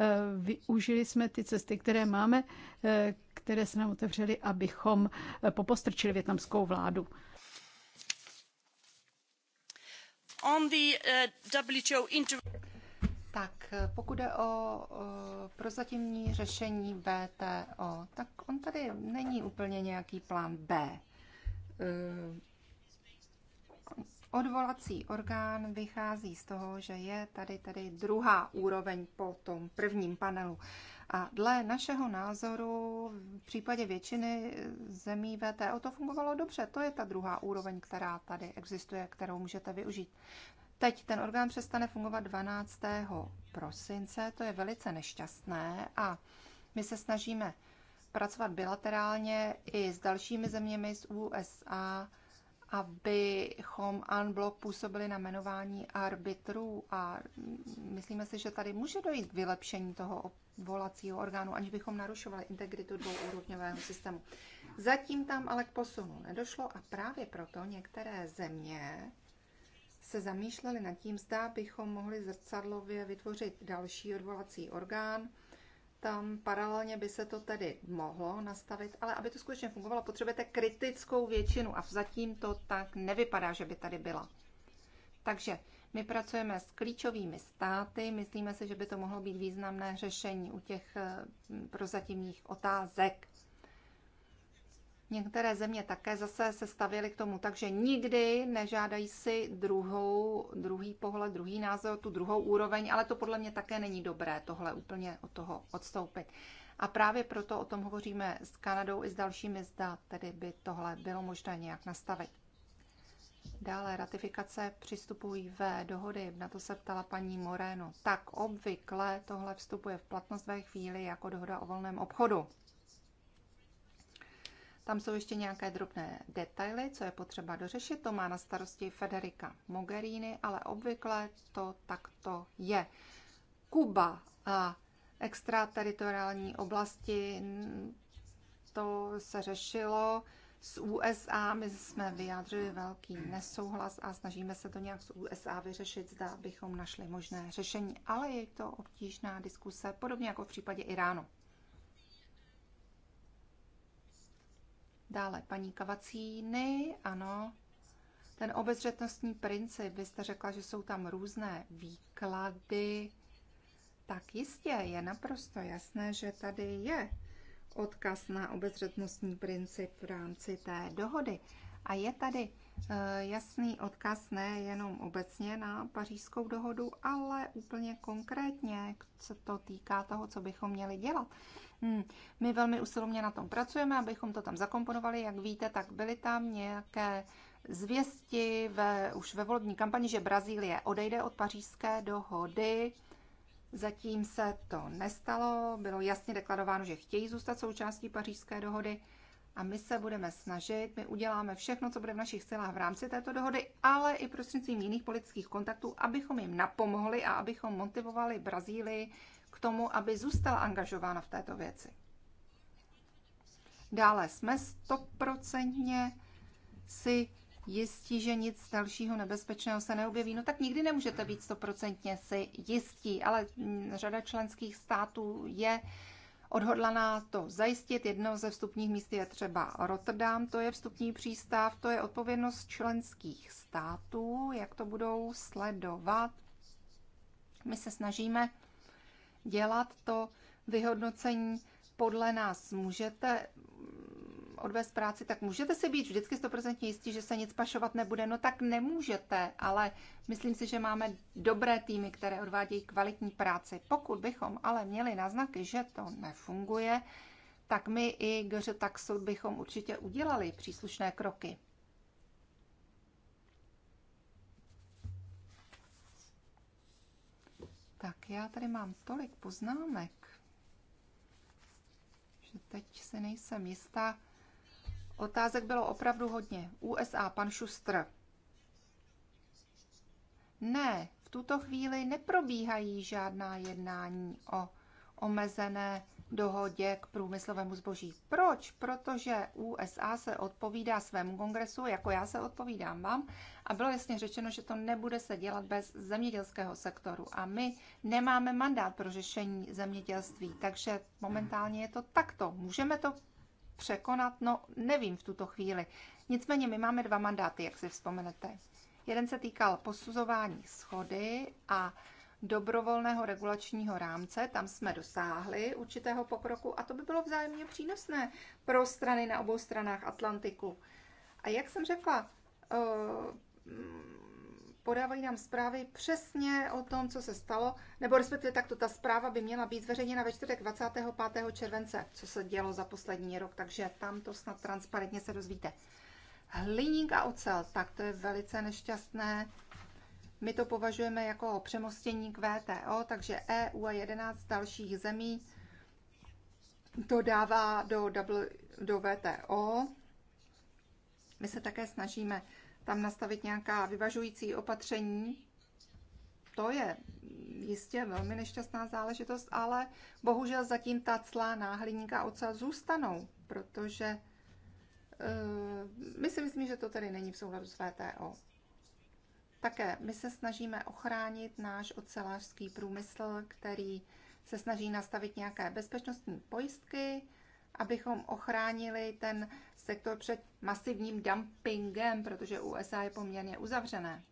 Eh, využili jsme ty cesty, které máme, eh, které se nám otevřely, abychom eh, popostrčili větnamskou vládu. On the, uh, WHO inter- tak pokud je o, o prozatímní řešení BTO, tak on tady není úplně nějaký plán B. Uh, odvolací orgán vychází z toho, že je tady tady druhá úroveň po tom prvním panelu. A dle našeho názoru v případě většiny zemí VTO to fungovalo dobře. To je ta druhá úroveň, která tady existuje, kterou můžete využít. Teď ten orgán přestane fungovat 12. prosince, to je velice nešťastné a my se snažíme pracovat bilaterálně i s dalšími zeměmi, s USA, abychom unblock působili na jmenování arbitrů a myslíme si, že tady může dojít k vylepšení toho volacího orgánu, aniž bychom narušovali integritu dvouúrovňového systému. Zatím tam ale k posunu nedošlo a právě proto některé země se zamýšleli nad tím, zda bychom mohli zrcadlově vytvořit další odvolací orgán, tam paralelně by se to tedy mohlo nastavit, ale aby to skutečně fungovalo, potřebujete kritickou většinu a zatím to tak nevypadá, že by tady byla. Takže my pracujeme s klíčovými státy, myslíme si, že by to mohlo být významné řešení u těch eh, prozatímních otázek. Některé země také zase se stavěly k tomu, takže nikdy nežádají si druhou, druhý pohled, druhý názor, tu druhou úroveň, ale to podle mě také není dobré tohle úplně od toho odstoupit. A právě proto o tom hovoříme s Kanadou i s dalšími, zda tedy by tohle bylo možné nějak nastavit. Dále ratifikace přistupují ve dohody, na to se ptala paní Moreno. Tak obvykle tohle vstupuje v platnost ve chvíli jako dohoda o volném obchodu. Tam jsou ještě nějaké drobné detaily, co je potřeba dořešit. To má na starosti Federica Mogherini, ale obvykle to takto je. Kuba a extrateritoriální oblasti, to se řešilo s USA. My jsme vyjádřili velký nesouhlas a snažíme se to nějak s USA vyřešit, zda bychom našli možné řešení, ale je to obtížná diskuse, podobně jako v případě Iránu. Dále paní Kavacíny, ano. Ten obezřetnostní princip, vy jste řekla, že jsou tam různé výklady. Tak jistě, je naprosto jasné, že tady je odkaz na obezřetnostní princip v rámci té dohody. A je tady eh, jasný odkaz nejenom obecně na pařížskou dohodu, ale úplně konkrétně, co to týká toho, co bychom měli dělat. Hmm. My velmi usilovně na tom pracujeme, abychom to tam zakomponovali. Jak víte, tak byly tam nějaké zvěsti ve, už ve volební kampani, že Brazílie odejde od pařížské dohody. Zatím se to nestalo, bylo jasně deklarováno, že chtějí zůstat součástí pařížské dohody a my se budeme snažit, my uděláme všechno, co bude v našich silách v rámci této dohody, ale i prostřednictvím jiných politických kontaktů, abychom jim napomohli a abychom motivovali Brazílii k tomu, aby zůstala angažována v této věci. Dále jsme stoprocentně si jistí, že nic dalšího nebezpečného se neobjeví. No tak nikdy nemůžete být stoprocentně si jistí, ale mm, řada členských států je odhodlaná to zajistit. Jedno ze vstupních míst je třeba Rotterdam, to je vstupní přístav, to je odpovědnost členských států, jak to budou sledovat. My se snažíme dělat to vyhodnocení podle nás můžete odvést práci, tak můžete si být vždycky 100% jistí, že se nic pašovat nebude. No tak nemůžete, ale myslím si, že máme dobré týmy, které odvádějí kvalitní práci. Pokud bychom ale měli náznaky, že to nefunguje, tak my i GŘ Taxud bychom určitě udělali příslušné kroky. Tak já tady mám tolik poznámek, že teď si nejsem jistá. Otázek bylo opravdu hodně. USA, pan Šustr. Ne, v tuto chvíli neprobíhají žádná jednání o omezené dohodě k průmyslovému zboží. Proč? Protože USA se odpovídá svému kongresu, jako já se odpovídám vám, a bylo jasně řečeno, že to nebude se dělat bez zemědělského sektoru. A my nemáme mandát pro řešení zemědělství, takže momentálně je to takto. Můžeme to překonat? No, nevím v tuto chvíli. Nicméně my máme dva mandáty, jak si vzpomenete. Jeden se týkal posuzování schody a dobrovolného regulačního rámce. Tam jsme dosáhli určitého pokroku a to by bylo vzájemně přínosné pro strany na obou stranách Atlantiku. A jak jsem řekla, eh, podávají nám zprávy přesně o tom, co se stalo, nebo respektive takto ta zpráva by měla být zveřejněna ve čtvrtek 25. července, co se dělo za poslední rok, takže tam to snad transparentně se dozvíte. Hliník a ocel, tak to je velice nešťastné my to považujeme jako přemostění k VTO, takže EU a 11 dalších zemí to dává do, w, do VTO. My se také snažíme tam nastavit nějaká vyvažující opatření. To je jistě velmi nešťastná záležitost, ale bohužel zatím ta clá náhliníka ocel zůstanou, protože uh, my si myslím, že to tady není v souladu s VTO. Také my se snažíme ochránit náš ocelářský průmysl, který se snaží nastavit nějaké bezpečnostní pojistky, abychom ochránili ten sektor před masivním dumpingem, protože USA je poměrně uzavřené.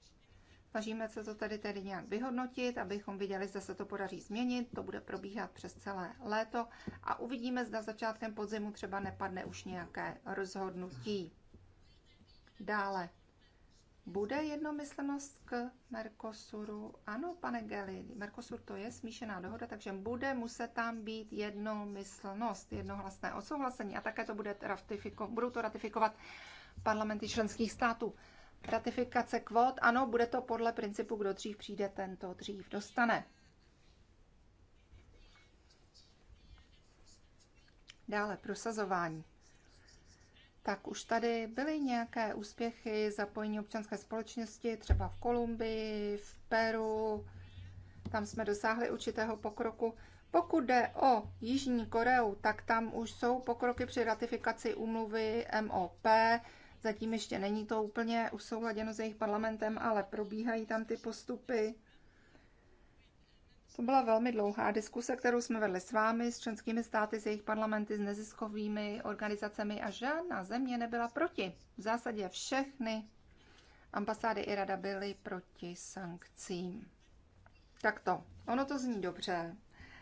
Snažíme se to tedy tedy nějak vyhodnotit, abychom viděli, zda se to podaří změnit. To bude probíhat přes celé léto a uvidíme, zda začátkem podzimu třeba nepadne už nějaké rozhodnutí. Dále bude jednomyslnost k Mercosuru? Ano, pane Geli, Mercosur to je smíšená dohoda, takže bude muset tam být jednomyslnost, jednohlasné odsouhlasení a také to bude ratifiko, budou to ratifikovat parlamenty členských států. Ratifikace kvót, ano, bude to podle principu, kdo dřív přijde, tento dřív dostane. Dále prosazování tak už tady byly nějaké úspěchy zapojení občanské společnosti, třeba v Kolumbii, v Peru, tam jsme dosáhli určitého pokroku. Pokud jde o Jižní Koreu, tak tam už jsou pokroky při ratifikaci úmluvy MOP. Zatím ještě není to úplně usouladěno s jejich parlamentem, ale probíhají tam ty postupy. To byla velmi dlouhá diskuse, kterou jsme vedli s vámi, s členskými státy, s jejich parlamenty, s neziskovými organizacemi a žádná země nebyla proti. V zásadě všechny ambasády i rada byly proti sankcím. Tak to. Ono to zní dobře,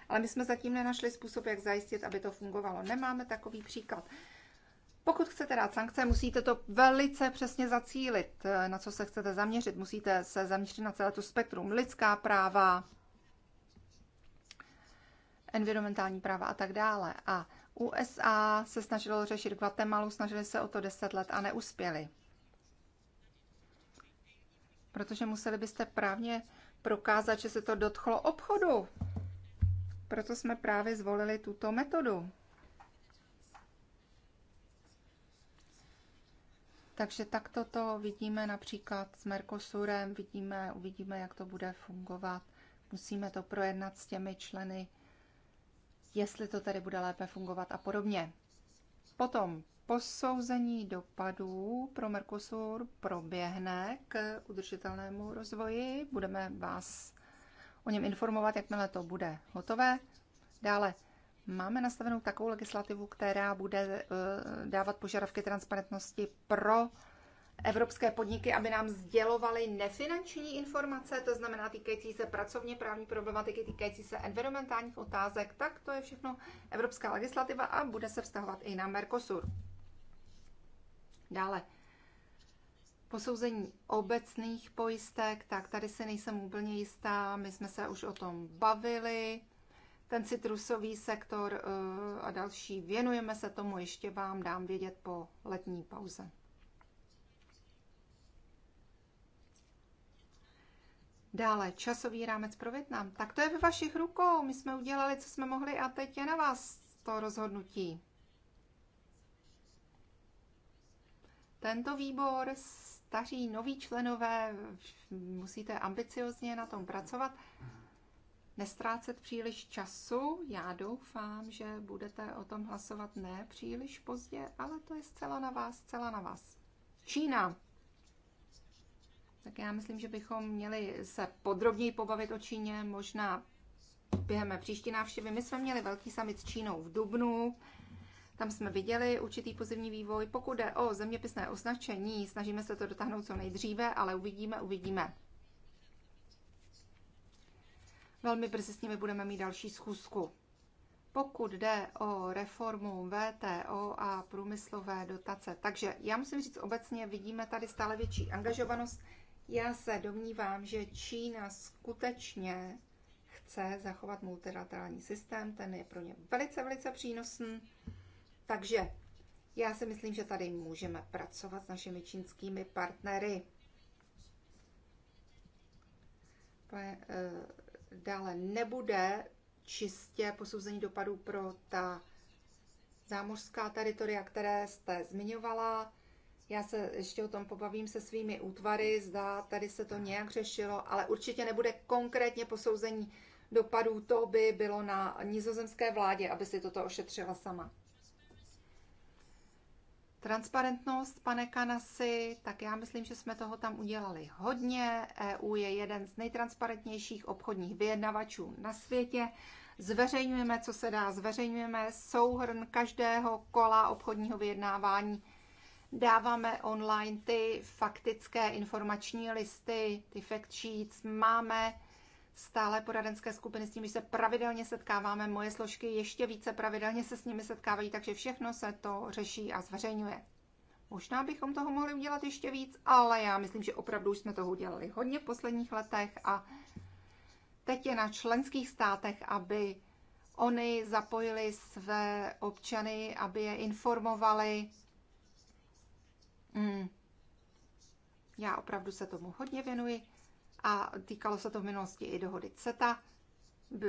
ale my jsme zatím nenašli způsob, jak zajistit, aby to fungovalo. Nemáme takový příklad. Pokud chcete dát sankce, musíte to velice přesně zacílit, na co se chcete zaměřit. Musíte se zaměřit na celé to spektrum lidská práva, environmentální práva a tak dále. A USA se snažilo řešit Guatemalu, snažili se o to deset let a neuspěli. Protože museli byste právně prokázat, že se to dotklo obchodu. Proto jsme právě zvolili tuto metodu. Takže takto to vidíme například s Mercosurem, vidíme, uvidíme, jak to bude fungovat. Musíme to projednat s těmi členy jestli to tedy bude lépe fungovat a podobně. Potom posouzení dopadů pro Mercosur proběhne k udržitelnému rozvoji. Budeme vás o něm informovat, jakmile to bude hotové. Dále máme nastavenou takovou legislativu, která bude eh, dávat požadavky transparentnosti pro evropské podniky, aby nám sdělovaly nefinanční informace, to znamená týkající se pracovně právní problematiky, týkající se environmentálních otázek, tak to je všechno evropská legislativa a bude se vztahovat i na Mercosur. Dále, posouzení obecných pojistek, tak tady si nejsem úplně jistá, my jsme se už o tom bavili, ten citrusový sektor eh, a další, věnujeme se tomu, ještě vám dám vědět po letní pauze. Dále časový rámec pro Větnam. Tak to je ve vašich rukou. My jsme udělali, co jsme mohli a teď je na vás to rozhodnutí. Tento výbor, staří, noví členové, musíte ambiciozně na tom pracovat, nestrácet příliš času. Já doufám, že budete o tom hlasovat ne příliš pozdě, ale to je zcela na vás, zcela na vás. Čína tak já myslím, že bychom měli se podrobněji pobavit o Číně, možná během příští návštěvy. My jsme měli velký summit s Čínou v Dubnu, tam jsme viděli určitý pozivní vývoj. Pokud jde o zeměpisné označení, snažíme se to dotáhnout co nejdříve, ale uvidíme, uvidíme. Velmi brzy s nimi budeme mít další schůzku. Pokud jde o reformu VTO a průmyslové dotace, takže já musím říct obecně, vidíme tady stále větší angažovanost já se domnívám, že Čína skutečně chce zachovat multilaterální systém, ten je pro ně velice, velice přínosný. Takže já si myslím, že tady můžeme pracovat s našimi čínskými partnery. Eh, dále nebude čistě posouzení dopadů pro ta zámořská teritoria, které jste zmiňovala. Já se ještě o tom pobavím se svými útvary, zda tady se to nějak řešilo, ale určitě nebude konkrétně posouzení dopadů, to by bylo na nizozemské vládě, aby si toto ošetřila sama. Transparentnost, pane Kanasi, tak já myslím, že jsme toho tam udělali hodně. EU je jeden z nejtransparentnějších obchodních vyjednavačů na světě. Zveřejňujeme, co se dá, zveřejňujeme souhrn každého kola obchodního vyjednávání dáváme online ty faktické informační listy, ty fact sheets, máme stále poradenské skupiny, s nimi se pravidelně setkáváme, moje složky ještě více pravidelně se s nimi setkávají, takže všechno se to řeší a zveřejňuje. Možná bychom toho mohli udělat ještě víc, ale já myslím, že opravdu už jsme toho udělali hodně v posledních letech a teď je na členských státech, aby oni zapojili své občany, aby je informovali Mm. Já opravdu se tomu hodně věnuji a týkalo se to v minulosti i dohody CETA.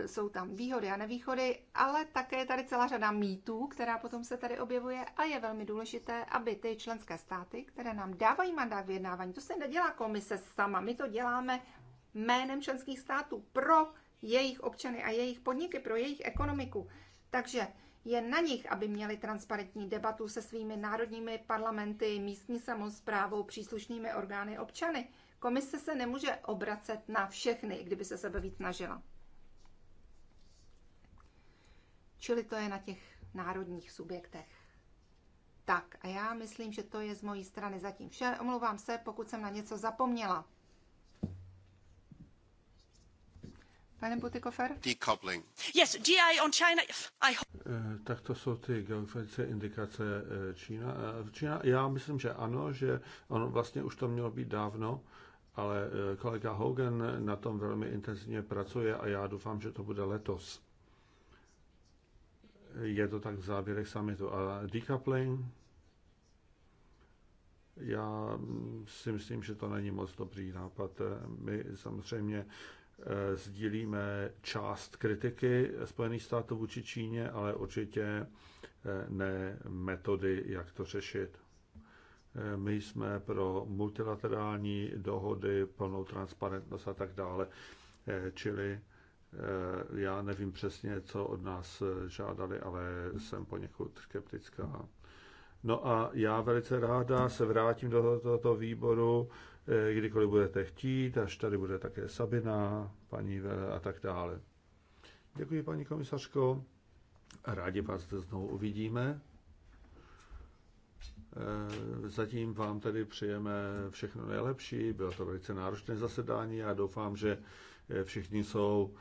Jsou tam výhody a nevýhody, ale také je tady celá řada mýtů, která potom se tady objevuje a je velmi důležité, aby ty členské státy, které nám dávají mandát vyjednávání, to se nedělá komise sama, my to děláme jménem členských států pro jejich občany a jejich podniky, pro jejich ekonomiku. Takže je na nich, aby měli transparentní debatu se svými národními parlamenty, místní samozprávou, příslušnými orgány občany. Komise se nemůže obracet na všechny, kdyby se sebe víc snažila. Čili to je na těch národních subjektech. Tak a já myslím, že to je z mojí strany zatím vše. Omlouvám se, pokud jsem na něco zapomněla. Pane Butikofer? Decoupling. Yes, GI on China. I... Eh, tak to jsou ty geografické indikace eh, Čína. Eh, Čína. Já myslím, že ano, že on vlastně už to mělo být dávno, ale kolega Hogan na tom velmi intenzivně pracuje a já doufám, že to bude letos. Je to tak v závěrech summitu. A decoupling? Já mm, si myslím, že to není moc dobrý nápad. My samozřejmě Eh, sdílíme část kritiky Spojených států vůči Číně, ale určitě eh, ne metody, jak to řešit. Eh, my jsme pro multilaterální dohody, plnou transparentnost a tak dále. Čili já nevím přesně, co od nás žádali, ale jsem poněkud skeptická. No a já velice ráda se vrátím do tohoto výboru Eh, kdykoliv budete chtít, až tady bude také Sabina, paní Vele a tak dále. Děkuji, paní komisařko. Rádi vás zde znovu uvidíme. Eh, zatím vám tedy přejeme všechno nejlepší. Bylo to velice náročné zasedání a doufám, že eh, všichni jsou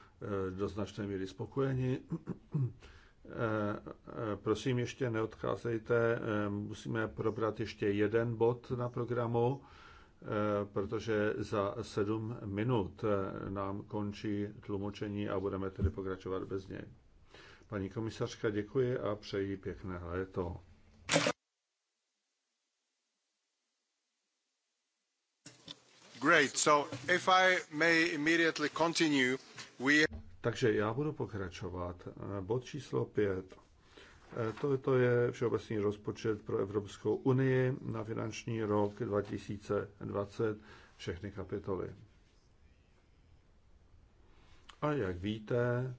do značné míry spokojeni. (clears throat) Prosím, ještě neodcházejte, musíme probrat ještě jeden bod na programu. Eh, protože za sedm minut eh, nám končí tlumočení a budeme tedy pokračovat bez něj. Paní komisařka, děkuji a přeji pěkné léto. Great. So if I may immediately continue, we... Takže já budu pokračovat. Eh, bod číslo 5. To, to je všeobecný rozpočet pro Evropskou unii na finanční rok 2020, všechny kapitoly. A jak víte,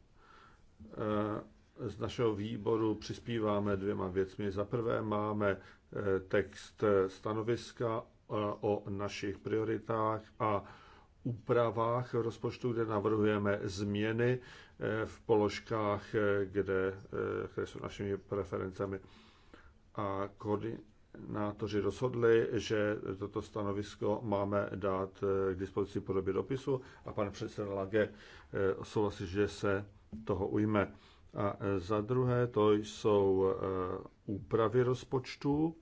eh, z našeho výboru přispíváme dvěma věcmi. Za prvé máme eh, text stanoviska eh, o našich prioritách a úpravách rozpočtu, kde navrhujeme změny eh, v položkách, eh, kde, eh, které jsou našimi preferencemi. A koordinátoři rozhodli, že toto stanovisko máme dát k dispozici podobě dopisu a pan předseda Lage souhlasí, že se toho ujme. A za druhé to jsou úpravy rozpočtu,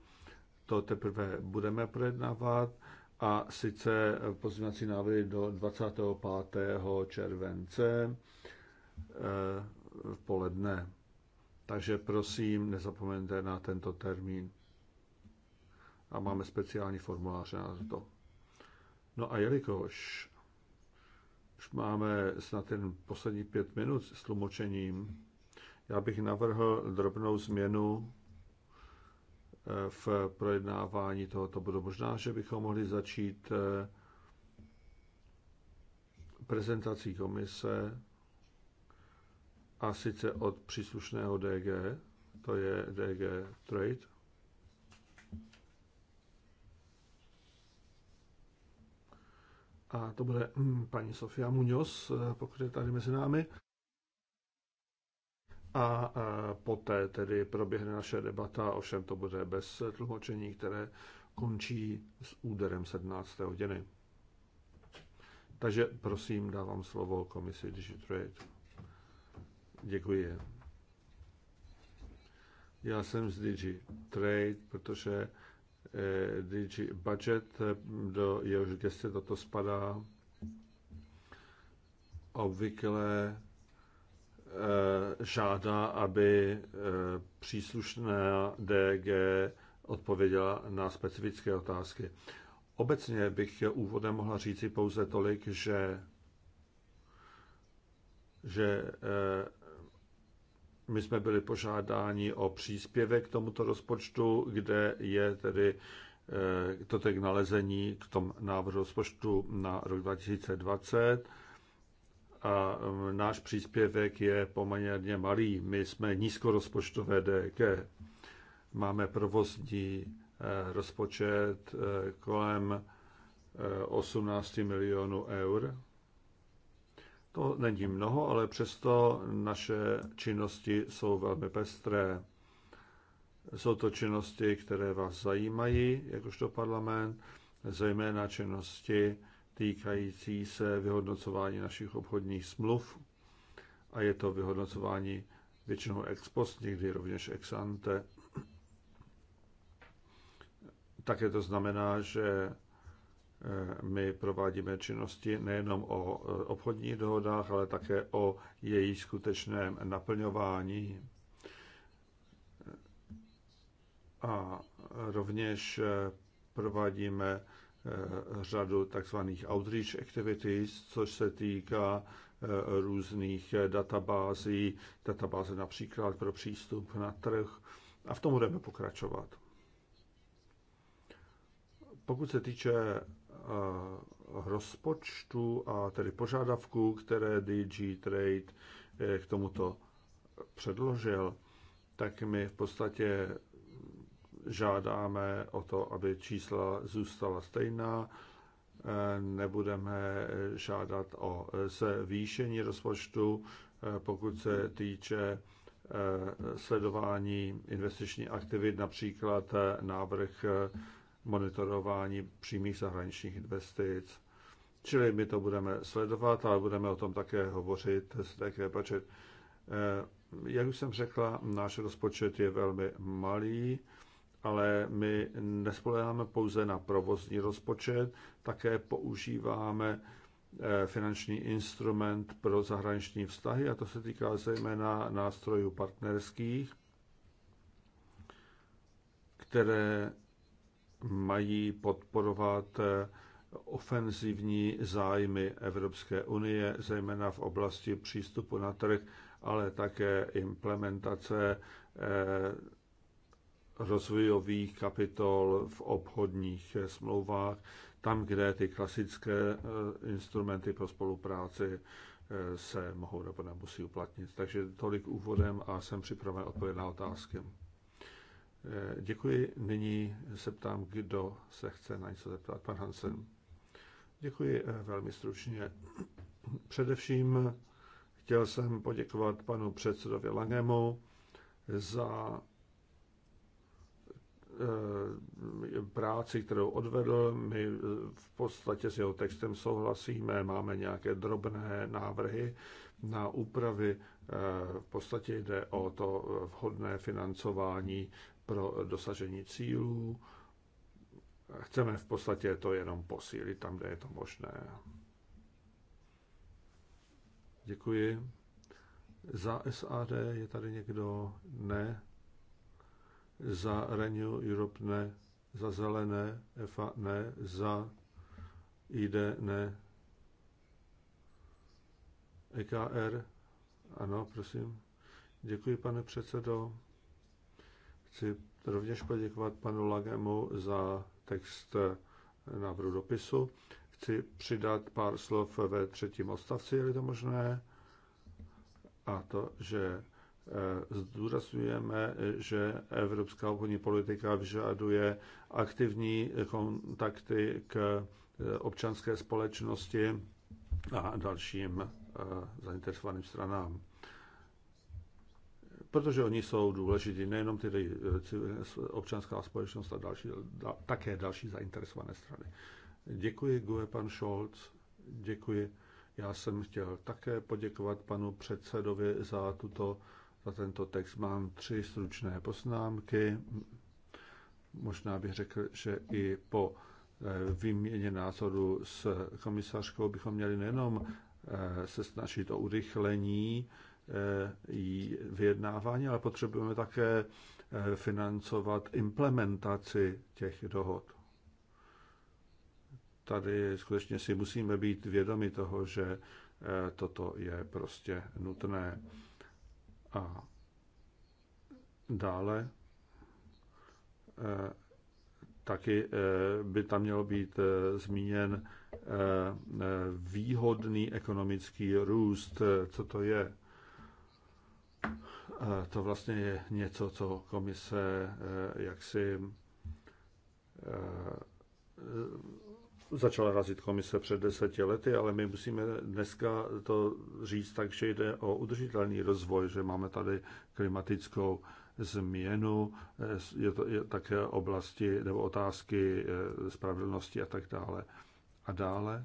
to teprve budeme projednávat a sice pozměňovací návrhy do 25. července eh, v poledne. Takže prosím, nezapomeňte na tento termín. A máme speciální formuláře na to. No a jelikož už máme snad jen poslední pět minut s tlumočením, já bych navrhl drobnou změnu v projednávání tohoto bodu. Možná, že bychom mohli začít eh, prezentací komise a sice od příslušného DG, to je DG Trade. A to bude mm, paní Sofia Muñoz, eh, pokud je tady mezi námi a poté tedy proběhne naše debata, ovšem to bude bez tlumočení, které končí s úderem 17. hodiny. Takže prosím, dávám slovo komisi Digitrade. Děkuji. Já jsem z Digi Trade, protože eh, Digi Budget, eh, do jehož gestce toto spadá, obvykle Eh, žádá, aby eh, příslušná DG odpověděla na specifické otázky. Obecně bych úvodem mohla říci pouze tolik, že, že eh, my jsme byli požádáni o příspěvek k tomuto rozpočtu, kde je tedy to k nalezení k tom návrhu rozpočtu na rok 2020 a um, náš příspěvek je poměrně malý. My jsme nízkorozpočtové DG. Máme provozní eh, rozpočet eh, kolem 18 eh, milionů eur. To není mnoho, ale přesto naše činnosti jsou velmi pestré. Jsou to činnosti, které vás zajímají, jakožto parlament, zejména činnosti, týkající se vyhodnocování našich obchodních smluv a je to vyhodnocování většinou ex post, někdy rovněž ex ante. Také to znamená, že eh, my provádíme činnosti nejenom o eh, obchodních dohodách, ale také o její skutečném naplňování. A rovněž eh, provádíme Eh, řadu takzvaných outreach activities, což se týká eh, různých eh, databází, databáze například pro přístup na trh a v tom budeme pokračovat. Pokud se týče rozpočtu a tedy požádavků, které DG Trade k tomuto předložil, tak my v podstatě žádáme o to, aby čísla zůstala stejná, nebudeme žádat o zvýšení rozpočtu, pokud se týče eh, sledování investiční aktivit, například eh, návrh eh, monitorování přímých zahraničních investic. Čili my to budeme sledovat, ale budeme o tom také hovořit s Jak už jsem řekla, náš rozpočet je velmi malý ale my nespoléháme pouze na provozní rozpočet, také používáme eh, finanční instrument pro zahraniční vztahy a to se týká zejména nástrojů partnerských, které mají podporovat eh, ofenzivní zájmy Evropské unie, zejména v oblasti přístupu na trh, ale také implementace eh, rozvojových kapitol v obchodních smlouvách, tam, kde ty klasické eh, instrumenty pro spolupráci eh, se mohou nebo nemusí uplatnit. Takže tolik úvodem a jsem připraven odpovědět na otázky. Eh, děkuji. Nyní se ptám, kdo se chce na něco zeptat. Pan Hansen. Děkuji velmi stručně. Především chtěl jsem poděkovat panu předsedovi Langemu za Eh, práci, kterou odvedl. My eh, v podstatě s jeho textem souhlasíme, máme nějaké drobné návrhy na úpravy. Eh, v podstatě jde o to vhodné financování pro dosažení cílů. Chceme v podstatě to jenom posílit tam, kde je to možné. Děkuji. Za SAD je tady někdo? Ne za Renew Europe ne, za Zelené EFA ne, za ID ne, EKR ano, prosím. Děkuji, pane předsedo. Chci rovněž poděkovat panu Lagemu za text návrhu dopisu. Chci přidat pár slov ve třetím odstavci, je-li to možné, a to, že Eh, zdůrazňujeme, eh, že evropská obchodní politika vyžaduje aktivní eh, kontakty k občanské společnosti a dalším zainteresovaným stranám. Protože oni jsou důležití, nejenom tedy občanská společnost a další, da, také další zainteresované strany. Děkuji, Gue, pan Scholz, děkuji. Já jsem chtěl také poděkovat panu předsedovi za tuto za tento text mám tři stručné poznámky. Možná bych řekl, že i po eh, výměně názoru s komisařkou bychom měli nejenom eh, se snažit o urychlení eh, vyjednávání, ale potřebujeme také financovat implementaci těch dohod. Tady skutečně si musíme být vědomi toho, že toto je prostě nutné. A dále eh, taky eh, by tam mělo být eh, zmíněn výhodný ekonomický růst. Co to je? To vlastně je něco, co komise jaksi začala razit komise před deseti lety, ale my musíme dneska to říct tak, že jde o udržitelný rozvoj, že máme tady klimatickou změnu, je to je také oblasti nebo otázky eh, spravedlnosti a tak dále. A dále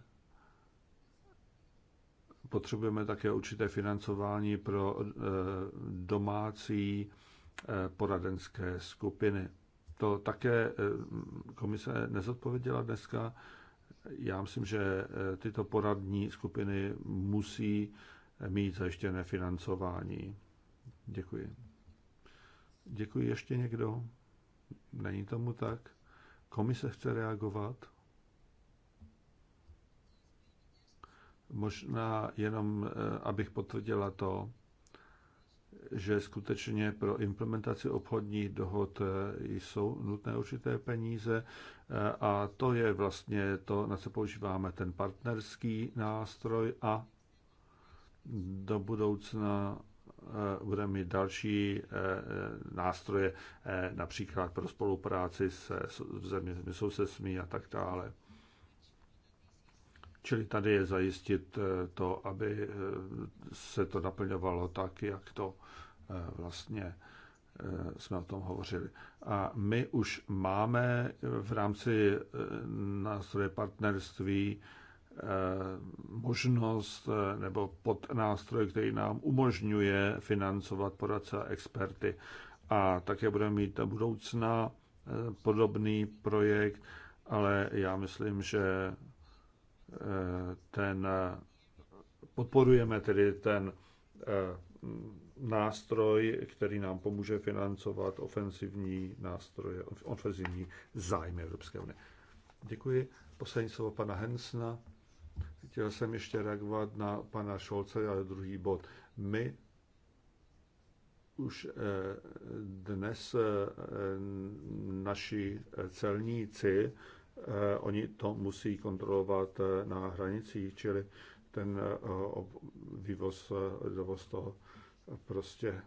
potřebujeme také určité financování pro eh, domácí eh, poradenské skupiny. To také komise nezodpověděla dneska já myslím, že eh, tyto poradní skupiny musí eh, mít zajištěné financování. Děkuji. Děkuji ještě někdo? Není tomu tak? Komise chce reagovat? Možná jenom, eh, abych potvrdila to, že skutečně pro implementaci obchodních dohod eh, jsou nutné určité peníze eh, a to je vlastně to, na co používáme ten partnerský nástroj a do budoucna eh, budeme mít další nástroje, například pro spolupráci se zeměmi sousedství a tak dále. Čili tady je zajistit to, aby se to naplňovalo tak, jak to Eh, vlastně eh, jsme o tom hovořili. A my už máme eh, v rámci nástroje partnerství možnost nebo pod nástroj, který nám umožňuje financovat poradce a experty. A také budeme mít do budoucna podobný projekt, ale já myslím, že ten podporujeme tedy ten nástroj, který nám pomůže financovat ofenzivní nástroje, ofenzivní zájmy Evropské unie. Děkuji. Poslední slovo pana Hensna. Chtěl jsem ještě reagovat na pana Šolce a druhý bod. My už eh, dnes eh, naši celníci, eh, oni to musí kontrolovat na hranicích, čili ten vývoz, dovoz toho prostě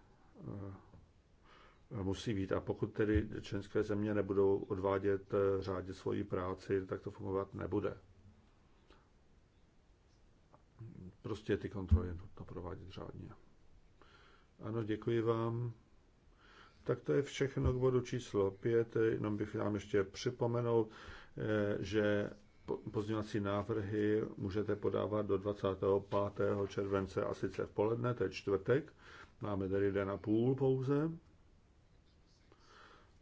eh, musí být. A pokud tedy členské země nebudou odvádět eh, řádně svoji práci, tak to fungovat nebude. Prostě ty kontroly nutno provádět řádně. Ano, děkuji vám. Tak to je všechno k bodu číslo 5. Jenom bych vám ještě připomenul, eh, že pozměňovací návrhy můžete podávat do 25. července a sice v poledne, to je čtvrtek. Máme tady den a půl pouze.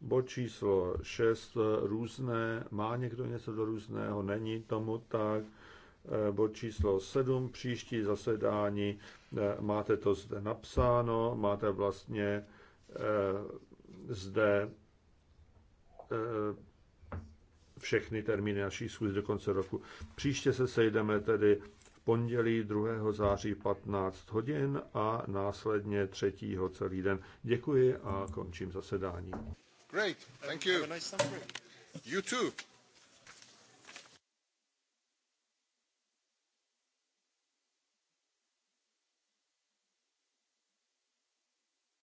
Bod číslo 6, různé. Má někdo něco do různého? Není tomu tak. Eh, bod číslo 7, příští zasedání. Eh, máte to zde napsáno, máte vlastně eh, zde všechny termíny naší schůzí do konce roku. Příště se sejdeme tedy pondělí 2. září 15 hodin a následně 3. celý den. Děkuji a končím zasedání. Great, thank you. You too.